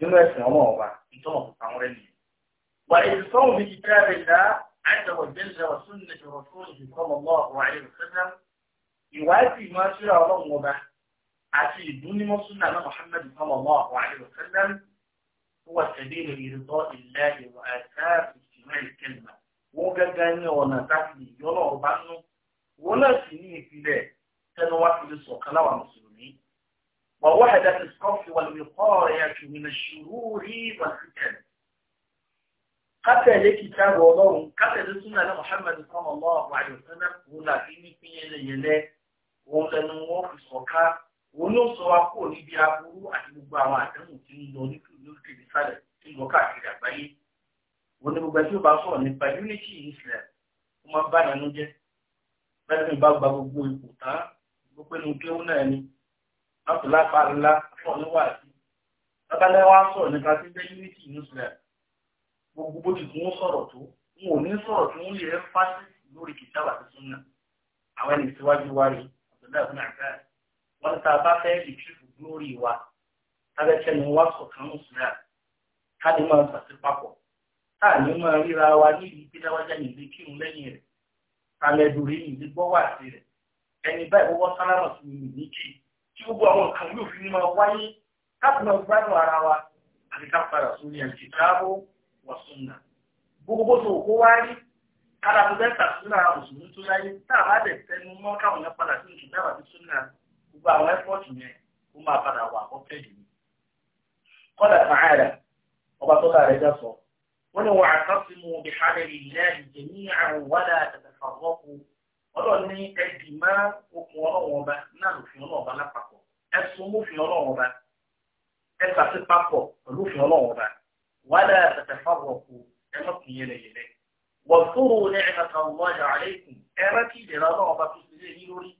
nínú ẹ̀sìn ọmọ ọba ìtọ́nà kò pàwọn ẹni. wà ìsọ́hùn bí kíkẹ́ rẹ̀ dá àjọwọ̀ jẹ́jẹ́ ọ̀sùn ní ìjọba tó ń jùkọ́ lọ́wọ́ ọ̀rọ̀ ayé òṣèlú ìwádìí máa ń ṣíra ọlọ́run ọba àti ìdúnnímọ́sùnà náà Muhammad sọ́mọ́mọ́ ọ̀rọ̀ ayé òṣèlú wọ́n tẹ̀lé ìrìntọ́ ilẹ̀ ìwà ẹ̀ka ìṣìnà ìkẹlẹ̀ wọ́n gẹ́gẹ́ ووحدة الصرف والوقاية من الشرور والفتن kátẹ̀lé kìtàbù ọlọ́run kátẹ̀lé súnà ní Muhammad sallallahu alaihi wasallam òun làfi ní pín yẹlẹyẹlẹ òun lẹnu wọn fi sọ̀ká òun ló sọ wa kúrò níbi aburú àti gbogbo àwọn àdéhùn tí ń lọ lókè nísàlẹ̀ tí ń lọ káàkiri àgbáyé òun ni gbogbo ẹtí ó bá sọ̀rọ̀ nípa unity Islam ó máa ń bá nànú jẹ́ bẹ́ẹ̀ ni bá gba gbogbo ipò tán gbogbo ẹnu kéwọ́n náà ni lápá ńlá fún ọlọ́wà sí lábálẹ́ wá sọ̀rọ̀ nípa tí bẹ́ẹ̀ unity ní islam gbogbo bó ti tún sọ̀rọ̀ tó n ò ní sọ̀rọ̀ tí wọ́n lè rẹ́ fásitì lórí kìtàbà àti súnà àwọn ẹni síwájú wa rí ọ̀dọ́dá ìfúnà àgbà wọn ta bá fẹ́ rìtírìfù lórí wa tábẹ́tẹ́ ni wá sọ̀kan ní islam káàdì máa sàṣẹ papọ̀ táà ní máa ríra wa níbi pé dáwájá ní ilé kírun lẹ́yìn rẹ̀ kàmẹ́dùrí ní ìdígbọ́wà àti rẹ̀ ẹni báyìí wọ́n sálámà sí ní ìdíkì tí gbogbo àwọn nǹkan yóò fi máa wáyé káàpù náà ara wa àti wa gbogbo tó kó wá kára tó bẹ́ẹ̀ tàṣúnà mùsùlùmí tó láyé tá a bá dẹ̀ tẹnu mọ́ káwọn yẹn padà sí ìkìtáàbò àti sunna gbogbo àwọn ẹ́fọ́ọ̀tù yẹn ó máa padà wà yìí kọ́lá sàárà ọba tó sọ wọ́n ní wọ́n bí fún mọ́fìn ọlọ́run ọba ẹ sàṣẹ papọ̀ pẹ̀lú òfin ọlọ́run ọba wàhálà ẹ̀sẹ̀ fáwọn ọkọ ẹ má kì í yẹlẹ yẹlẹ wàtúrò ní ẹ̀ka wájà àlékún ẹ rántí ìdẹ̀rẹ̀ ọlọ́run ọba tó ti lé yín lórí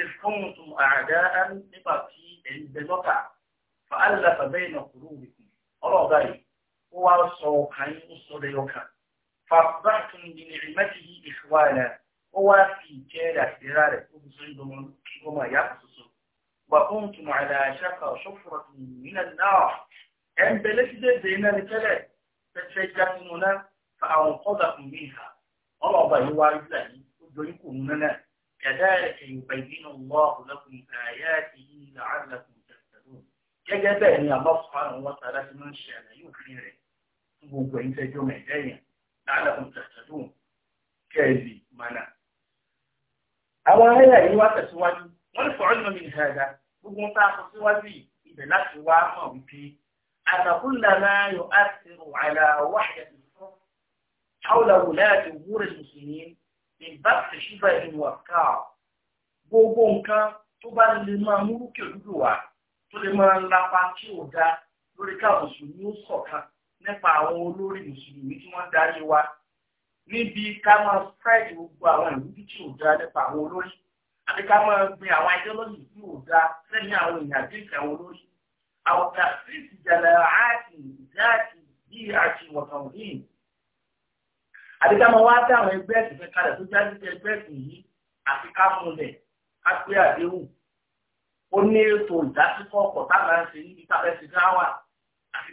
ìfúnnùtùn àdá nípa tí ẹ̀yin bẹ fàálà fàbẹ́yìn náà kúrò wíkùn yìí ó wá sọ ọkàn ó sọ lẹ́yọkàn fàbáàtún ìdìní ìmẹ́tì yìí ìfúwàlà ó wá fi ìjẹ́ àṣírà rẹ̀ ó fi sọ ìdọ́mọ ìgbọ́mọ ìyá kò tuntun وكنتم على شفا شفرة من النار عند لسد بين الكلام تتشجعوننا فأنقذكم منها الله يوارد لهم ويكون لنا كذلك يبين الله لكم آياته لعلكم تهتدون كجبان يعني الله سبحانه وتعالى من الشأن يخيره gbogbo ẹ̀yin tẹ́jọ́ لعلكم lálẹ́kùn tẹ̀sẹ̀dùn منا أولا Àwọn ẹ̀yà yìí wọ́n lè fọ̀rọ̀ lọ́mọ mi dáadáa gbogbo ń tàà fún síwájú ibẹ̀ láti wá mọ̀ wípé àtàkùnlára yọ àṣírò àlàáwáṣẹ tuntun àwòlàwò láti wúrẹ̀ mùsùlùmí ní bá ti ṣíbà ìlú àká gbogbo nǹkan tó bá lè máa múrú kí òdúdú wá tó lè máa lapa kí ò dá lórí ká mùsùlùmí ó ṣọ̀kan nípa àwọn olórí mùsùlùmí tí wọ́n darí wa níbi ká máa spread gbogbo àwọn ìrújú tí ò dá nípa àwọn olórí àti ká máa gbin àwọn ideology tí ò da sẹ́yìn àwọn èèyàn àti ìkà olórí àwọn tàfíìsì ìjàlẹ̀ àti ìdáàtì bíi àti wọ̀tàn yìí àti ká máa wá dá àwọn ẹgbẹ́ ẹ̀sìn fẹ́ kalẹ̀ tó jáde sí ẹgbẹ́ ẹ̀sìn yìí àti ká múlẹ̀ ká pé àdéhùn ó ní ètò ìdásíkọ̀ ọ̀pọ̀ táwọn ń ṣe níbi táwọn ẹ̀sìn dáwà àti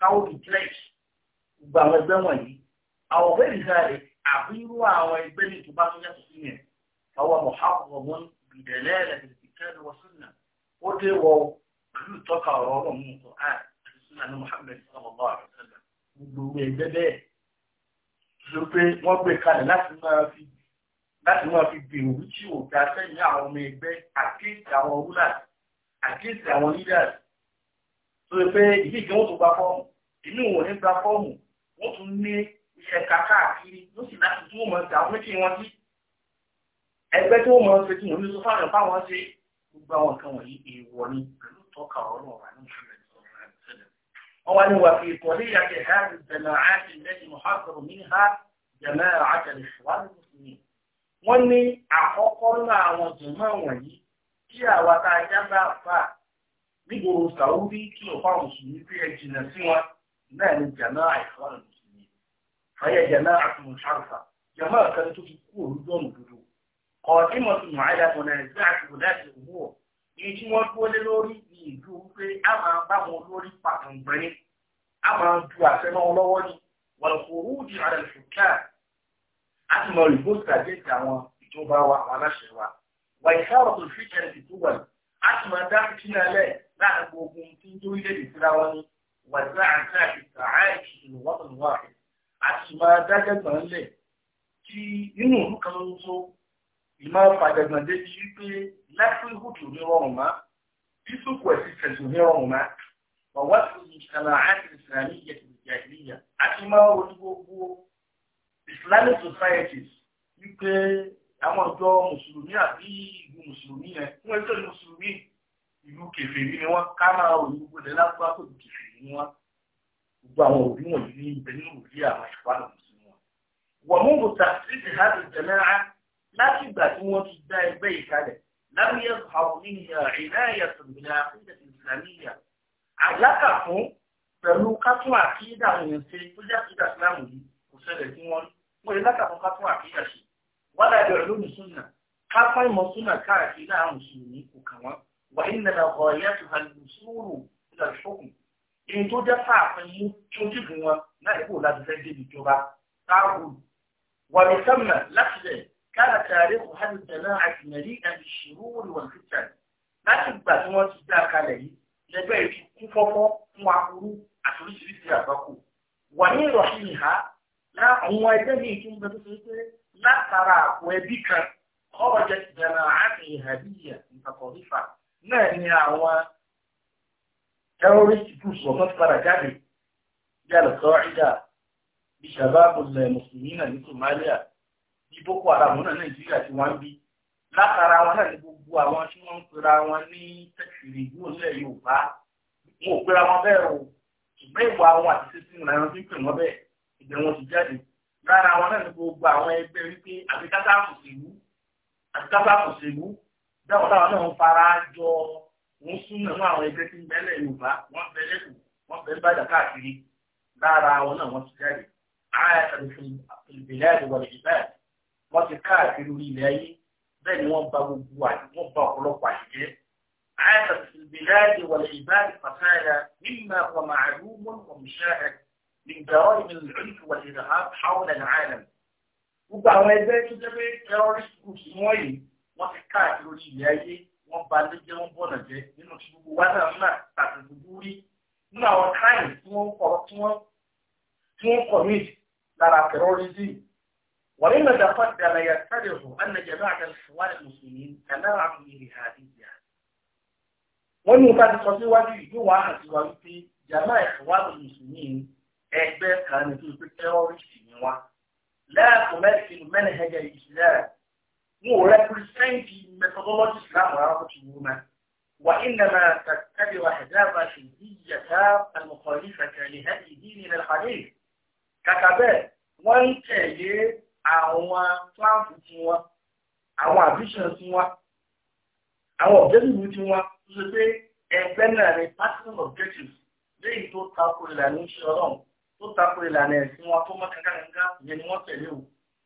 káwó dìtẹ́ẹ̀sì gbogbo àwọn ẹgbẹ́ wọ̀nyí àwọn ọ̀gbẹ́ ìdíjáde àbí irú àwọn ẹgbẹ́ ní ìtúbá tó yàtọ̀ sí yẹn فهو محرم بدلالة الكتاب والسنة وجهه pẹ̀lú ìtọ́ka ọ̀rọ̀ ọ̀rọ̀ mú ọ̀tọ̀ àà àti súnà ní Muhammad sallallahu alaihi wa sallam gbogbo ẹgbẹ́ bẹ́ẹ̀ ṣe pé wọ́n gbé kalẹ̀ láti máa fi gbèrò wíjì òkè asẹ́yìn àwọn ọmọ ẹgbẹ́ àkéèsì àwọn rúlà àkéèsì àwọn leaders tó yẹ wọn tó gba fọ́ọ̀mù inú wọn ní gba fọ́ọ̀mù wọ́n tún ní iṣẹ́ kàkà àkiri sì láti tún wọn mọ̀ ẹ̀ka wọ́n kí sí ẹgbẹ́ tí wọ́n mọ̀ ṣe tí ní sọ fáwọn báwọn ṣe gbogbo àwọn nǹkan wọ̀nyí èèwọ̀ ni pẹ̀lú tọ́ka ọ̀rọ̀ wà ní ìṣẹ̀lẹ̀ wọ́n wá ní wà ìkọ̀lé yàtẹ̀ ha ìbẹ̀lẹ̀ àti ìlẹ́yìn mọ̀hákọ̀rọ̀ mi ha jẹ̀mẹ́ àtẹ̀lẹ̀ ṣùgbọ́n mùsùlùmí wọ́n ní àkọ́kọ́ náà àwọn jẹ̀mọ́ wọ̀nyí kí àwa tá bá fà nígboro sàúrí kí o fáwọn mùsùlùmí pé ẹ jìnà sí wọn náà ní jẹ̀mọ́ àìsàn mùsùlùmí fàyẹ̀ jẹ̀mọ́ àti mùsàlùfà jẹ̀mọ́ kan tó fi kú òrùjọ́ òdòdó قادمة على منازعة ولاة الأمور èyí tí wọ́n dúró lé lórí ní ìlú wípé a máa bá wọn lórí pàtàkùnbẹ́ ni a máa ju àṣẹ náà lọ́wọ́ ni wàlùkòrò di ara ìṣòkà a ti mọ ìbò ìtàgéjì àwọn ìjọba wa àwọn aláṣẹ wa wà ìṣàrò tó fi jẹ́ ti tó wà ní a ti máa dá fìtí náà láàrin gbogbo tí ń dórí lédè síra wọn ni wà ní àṣà ìta àìsí ìlú wọ́n tó wà a máa dájẹ́ gbọ̀n lẹ̀ kí inú ìlú kan tó ìmọ̀ fàjẹ̀gbọ̀n débi wípé lásìkò ní rọrùn má yusuf ẹ̀sìn tẹ̀sùn ní rọrùn má wàwá sí ìṣẹ̀lẹ̀ àti ìsìlámì ìyẹ̀tìlẹ̀ ìyẹ̀tìlẹ̀ àti máa wọn gbogbo islamic societies wípé àwọn ọjọ́ mùsùlùmí àbí ìlú mùsùlùmí yẹn fún ẹjọ́ mùsùlùmí ìlú kèfèrí ni wọ́n ká máa wọn gbogbo ilẹ̀ lágbá tó kèfèrí ni wọ́n gbogbo àwọn òbí wọ̀nyí ní ibẹ̀ òbí àwọn ìfọwọ́ àwọn mùsùlùmí wọn. mú bùtà sí ìhàdì jẹ̀mẹ́rà láti ìgbà tí wọ́n ti dá ẹgbẹ́ ìkalẹ̀ lábíyẹ àwòrán ìnáyà tòmìnira àfihàn ìsìlámíyà àlákà fún pẹ̀lú kátó àkídà òyìn ṣe tó jẹ́ àkídà síláàmù yìí kò ṣẹlẹ̀ sí wọn wọ́n lè lákà fún kátó àkídà ṣe wọ́n dàbí ọ̀rẹ́ lónìí súnà kápá ìmọ̀ súnà káàkiri àwọn mùsùlùmí kò kà wọ́n wà ní nàlà ọ̀yà tó hàn lùsúrù nígbà ìfọkùn èyí tó jẹ́ fàáfin كان تاريخ هذه الجماعة مليئا بالشرور والفتن láti ìgbà tí wọ́n ti dá kalẹ̀ yìí lẹ́gbẹ́ ìfi kún fọ́fọ́ fún aburú àti oríṣiríṣi àgbákò wà ní ìrọ̀sìn ìhá lá àwọn ẹgbẹ́ ní ìtún bẹ tó ṣe pé látara àpò ẹbí kan ọ̀rọ̀ jẹ́ ìjọba àti ìhàdíyà ìtàkọ̀ nífà náà ni àwọn terrorist groups wọ́n ti padà jáde yálà sọ́ọ́ ìdá bí sàbáàbù mùsùlùmí náà ní Somalia Boko Haram náà Nàìjíríà ti wọ́n bí látara wọn náà ní gbogbo àwọn tí wọ́n ń pera wọn ní tẹ̀sílì nílẹ̀ Yorùbá wọn ò pera wọn bẹ́ẹ̀ o ṣùgbọ́n ìwà àwọn àtìsí sí ìrìn àwọn ń pè wọ́n bẹ́ẹ̀ ìgbẹ́ wọn ti jáde lára wọn náà ní gbogbo àwọn ẹgbẹ́ wípé àbíkátà kò ṣèlú àbíkátà kò ṣèlú wọ́n ní nǹkan ti sọ síwájú ìlú wa àti wa wípé jama ìfọwọ́bù mùsùlùmí ẹgbẹ́ kan ní tó pé tẹ́rọ́rìsì ni wá lẹ́ẹ̀kọ́ mẹ́rin mẹ́nẹ̀hẹ́gẹ́ ìṣẹ̀lẹ̀ wọn ò rẹ́pírísẹ́ǹtì mẹtọdọ́lọ́jì ìsìlámù rárá kó ti wú mẹ́ wà ìnàmà tàbí wà hijaba ṣèdíyàtà àlùkọ̀lífẹ̀ tẹ̀lé hẹ́ẹ̀dì ìdílé rẹ̀ pàdé kàkà àwọn objective ti wá tó ṣe pé ẹgbẹ́ náà ni personal objectives léyìí tó tako ìlànà iṣẹ́ ọlọ́run tó tako ìlànà ẹ̀sìn wọn tó mọ́ kankan kankan ìyẹn ni wọ́n tẹ̀lé o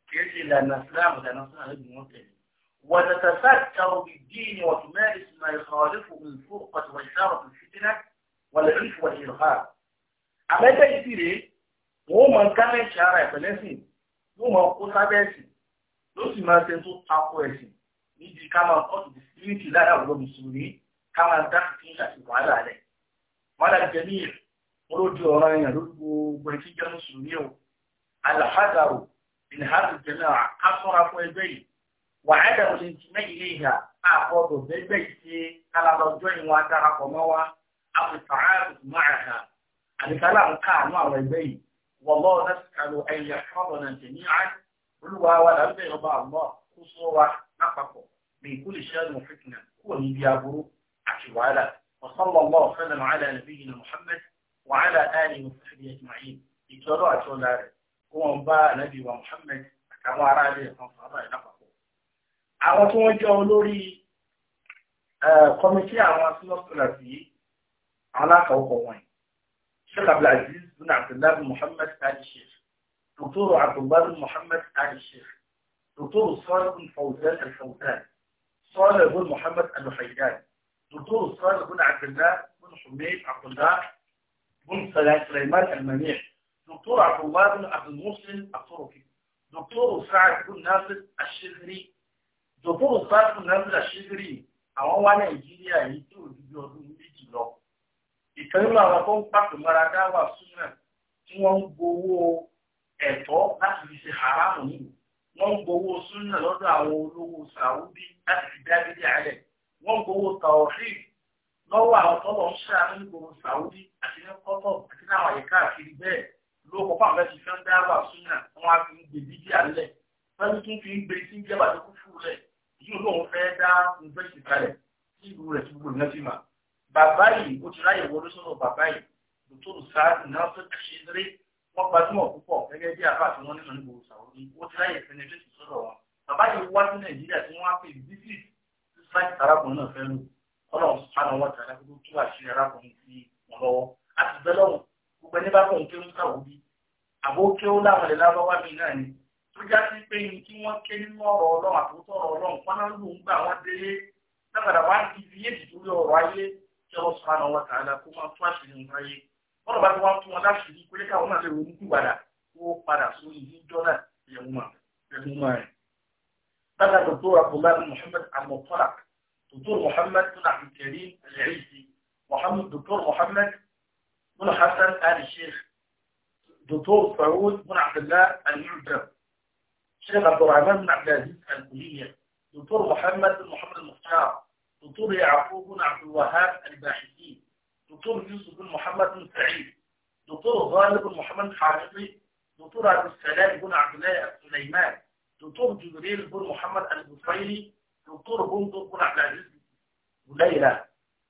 kìí ṣe ìlànà islam ìlànà islam ló ni wọ́n tẹ̀lé. wọ́n máa ń ká mẹ́ṣẹ́ ara ẹ̀fẹ́lẹ́sìn yóò máa kó sábẹ́ ẹ̀sìn yóò sì máa ṣe tó tako níbi ká máa kọ́ tù síríìtì lára àwọn mùsùlùmí ká máa dá sí àsìkò àlà rẹ̀. wọ́n láti jẹ ní olóòdì ọ̀rọ̀ èèyàn ló gbogbo ẹtí jẹ́ mùsùlùmí o alhadaru ìnìhàdù jẹ́nà akọ́ra fún ẹgbẹ́ yìí wàhálà òní jìnnà ilé ìhà àkọ́dọ̀ bẹ́gbẹ́ ìṣe kálábàjọ́ ìwọ̀n adarapọ̀ mọ́ wa àfìsàárù máa hà àdìsálà ń ká àánú àwọn yìí wọ́lọ́ ọ̀dà sàlù wa làbẹ́ ọba من كل شان وفتنة هو من يابو عشر وعلا وصلى الله وسلم على نبينا محمد وعلى آله وصحبه أجمعين يتولى أتولى هو أنباء نبي ومحمد كما رأي صلى الله àwọn tí wọ́n jẹ́ olórí عبد الله بن محمد wọ́n الشيخ zunàtìláàbù mohamed alishir dr abdullahi mohamed alishir دكتور الصالح فوزان الفوزان صالح بن محمد النحيان دكتور الصالح بن عبد الله بن حميد عبد الله بن سليمان المنيع دكتور عبد الله بن عبد المحسن الطرفي دكتور سعد بن ناصر الشغري دكتور سعد بن ناصر الشغري àwọn wá nàìjíríà yìí tó ìdíjú ọdún méjì lọ ìkan nínú àwọn tó ń pàtó mara dáwà súnmọ́ tí wọ́n ń gbowó ẹ̀tọ́ láti fi ṣe haramu nínú wọ́n ń gbowó súnà lọ́dọ̀ àwọn olówó sàúdí láti fi dábìlì àlẹ̀ wọ́n ń gbowó tàwọ̀fì lọ́wọ́ àwọn tọ́lọ̀ ń ṣàánú ní gbogbo sàúdí àti ní kọ́tọ̀ àti ní àwọn àyíká àkiri bẹ́ẹ̀ ló kọ́ fún àwọn ẹ̀sìn fẹ́ ń dáàbà súnà wọn á fi ń gbè bíbí àlẹ̀ pẹ̀lú tún fi ń gbé sí ń jẹ́bà tó kú fún rẹ̀ yìí lóun fẹ́ dá yunifásitì kalẹ̀ sí ìlú wọ́n gbajúmọ̀ púpọ̀ gẹ́gẹ́ bí àbá àti wọn nínú ìgbòho sàwọ́dún ó ti ráyè penetrate sọ́dọ̀ wọn bàbá yìí wá sí nàìjíríà tí wọ́n á pè visit to site arákùnrin náà fẹ́ lò ọlọ́run sùpánà wọn tààrà kó tó àṣírí arákùnrin sí wọn lọ́wọ́ àti bẹ́lọ́run gbogbo ẹni bá fọ̀n kéwú sàwọ́dún àbó kéwú láwọn ilẹ̀ lábáwá mi náà ni tó já sí pé kí wọ́n ké nínú ọ̀rọ̀ ọlọ́run àtòótọ́ ọ̀rọ̀ ọlọ́run pọ́nà bọ́lọ̀ bá ti wá fún wọn láṣìírí pé káwọn náà lè ronú pìwàdà kó padà sórí ìdíjọ́ náà ẹ̀rù mọ̀ ẹ̀rù mọ̀ rẹ̀. bàbá dr abdullahi muhammed amọ̀tọ́lá dr muhammed bin abdulkareem al-Eisi muhammed dr muhammed bin hasan al-sheikh دكتور سعود بن عبد الله المعجم شيخ عبد الرحمن بن عبد العزيز الكلية دكتور محمد بن محمد المختار دكتور يعقوب بن عبد الوهاب الباحثي دكتور يوسف بن محمد بن سعيد دكتور غالب بن محمد حافظي دكتور عبد السلام بن عبد الله السليمان دكتور جبريل بن محمد البصيري دكتور بندر بن عبد العزيز وليلى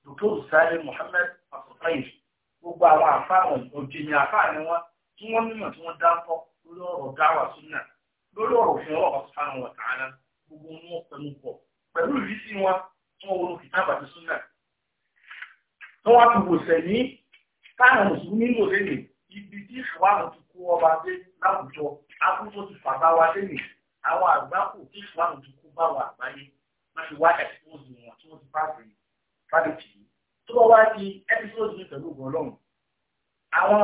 دكتور سالم محمد الصفير gbogbo àwọn àfáàwọn òjìní àfáàní wọn tí wọn mímọ tí wọn dáńpọ lórí ọ̀rọ̀ dáwà súnà lórí ọ̀rọ̀ òfin ọlọ́pàá sọfàánù wọn tààlà gbogbo wọn pẹ̀lú pọ pẹ̀lú ìrísí wọn tí wọn wọnú kìtàbà ti súnà tó wá ti wòsẹ̀ ní káàrùn mùsùlùmí lò lélẹ̀ ibi tí ìṣòwàrùn ti kó ọba dé láwùjọ akúntó ti fàbá wa lélẹ̀ àwọn àgbákò tí ìṣòwàrùn ti kó bá wa àgbáyé wọ́n ti wá ẹ̀sìpọ́sì wọn tí wọ́n ti bá bẹ̀rẹ̀ fádìtì yìí tó bá wá di ẹ́písọ́ọ̀sì ní pẹ̀lú ọlọ́run àwọn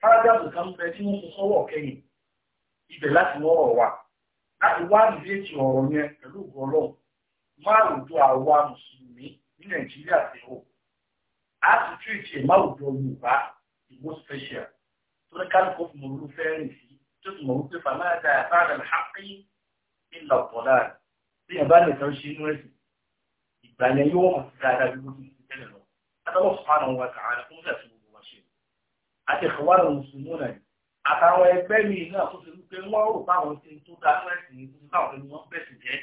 párágráfù kan bẹ tí wọ́n ti sọ́wọ́ kẹ́yìn ibẹ̀ láti wọ́rọ̀ wà láti wá ìrètí ọ̀rọ̀ yẹn pẹ̀lú ọlọ́run márùn-ún àwa mùsùlùmí ní nàìjíríà ti hàn attitude ẹ̀ máa wùdọ̀ yorùbá the most special tó ní kálukọ́ fún mọ̀lú fẹ́rẹ̀ sí tó sì mọ̀ wípé fàmáàdà àbáàdà àkí ìlà ọ̀pọ̀lá bí yàn bá lè tán ṣe inú ẹ̀sìn ìgbà yẹn yóò mọ̀ sí dáadáa bí wọ́n ti ti tẹ́lẹ̀ lọ adáwọ̀ sùpánà wọn kà á fún ìgbà tí gbogbo wọn ṣe àti ìkọ̀wá lọ mùsùlùmí náà àtàwọn ẹgbẹ́ mi náà tó ti rú pé wọ́n rò báwọn ti tó dá inú ẹ̀sìn ní kúrú báwọn ni wọ́n bẹ̀sì jẹ́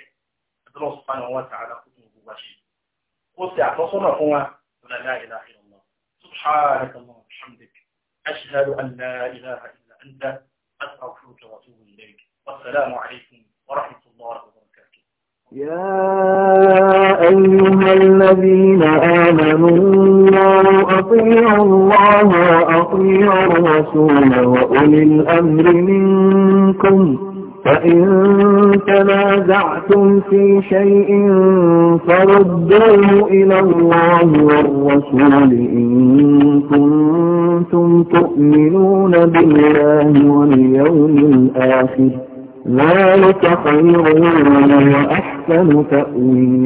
adáwọ̀ sùpánà wọn kà á fún ìgbà tí gbogbo wọn ṣe تقول لا إله إلا الله سبحانك اللهم وبحمدك أشهد أن لا إله إلا أنت أستغفرك وأتوب إليك والسلام عليكم ورحمة الله وبركاته يا أيها الذين آمنوا أطيعوا الله وأطيعوا الرسول وأولي الأمر منكم فإن تنازعتم في شيء فردوه إلى الله والرسول إن كنتم تؤمنون بالله واليوم الآخر ذلك خير وأحسن تأويلا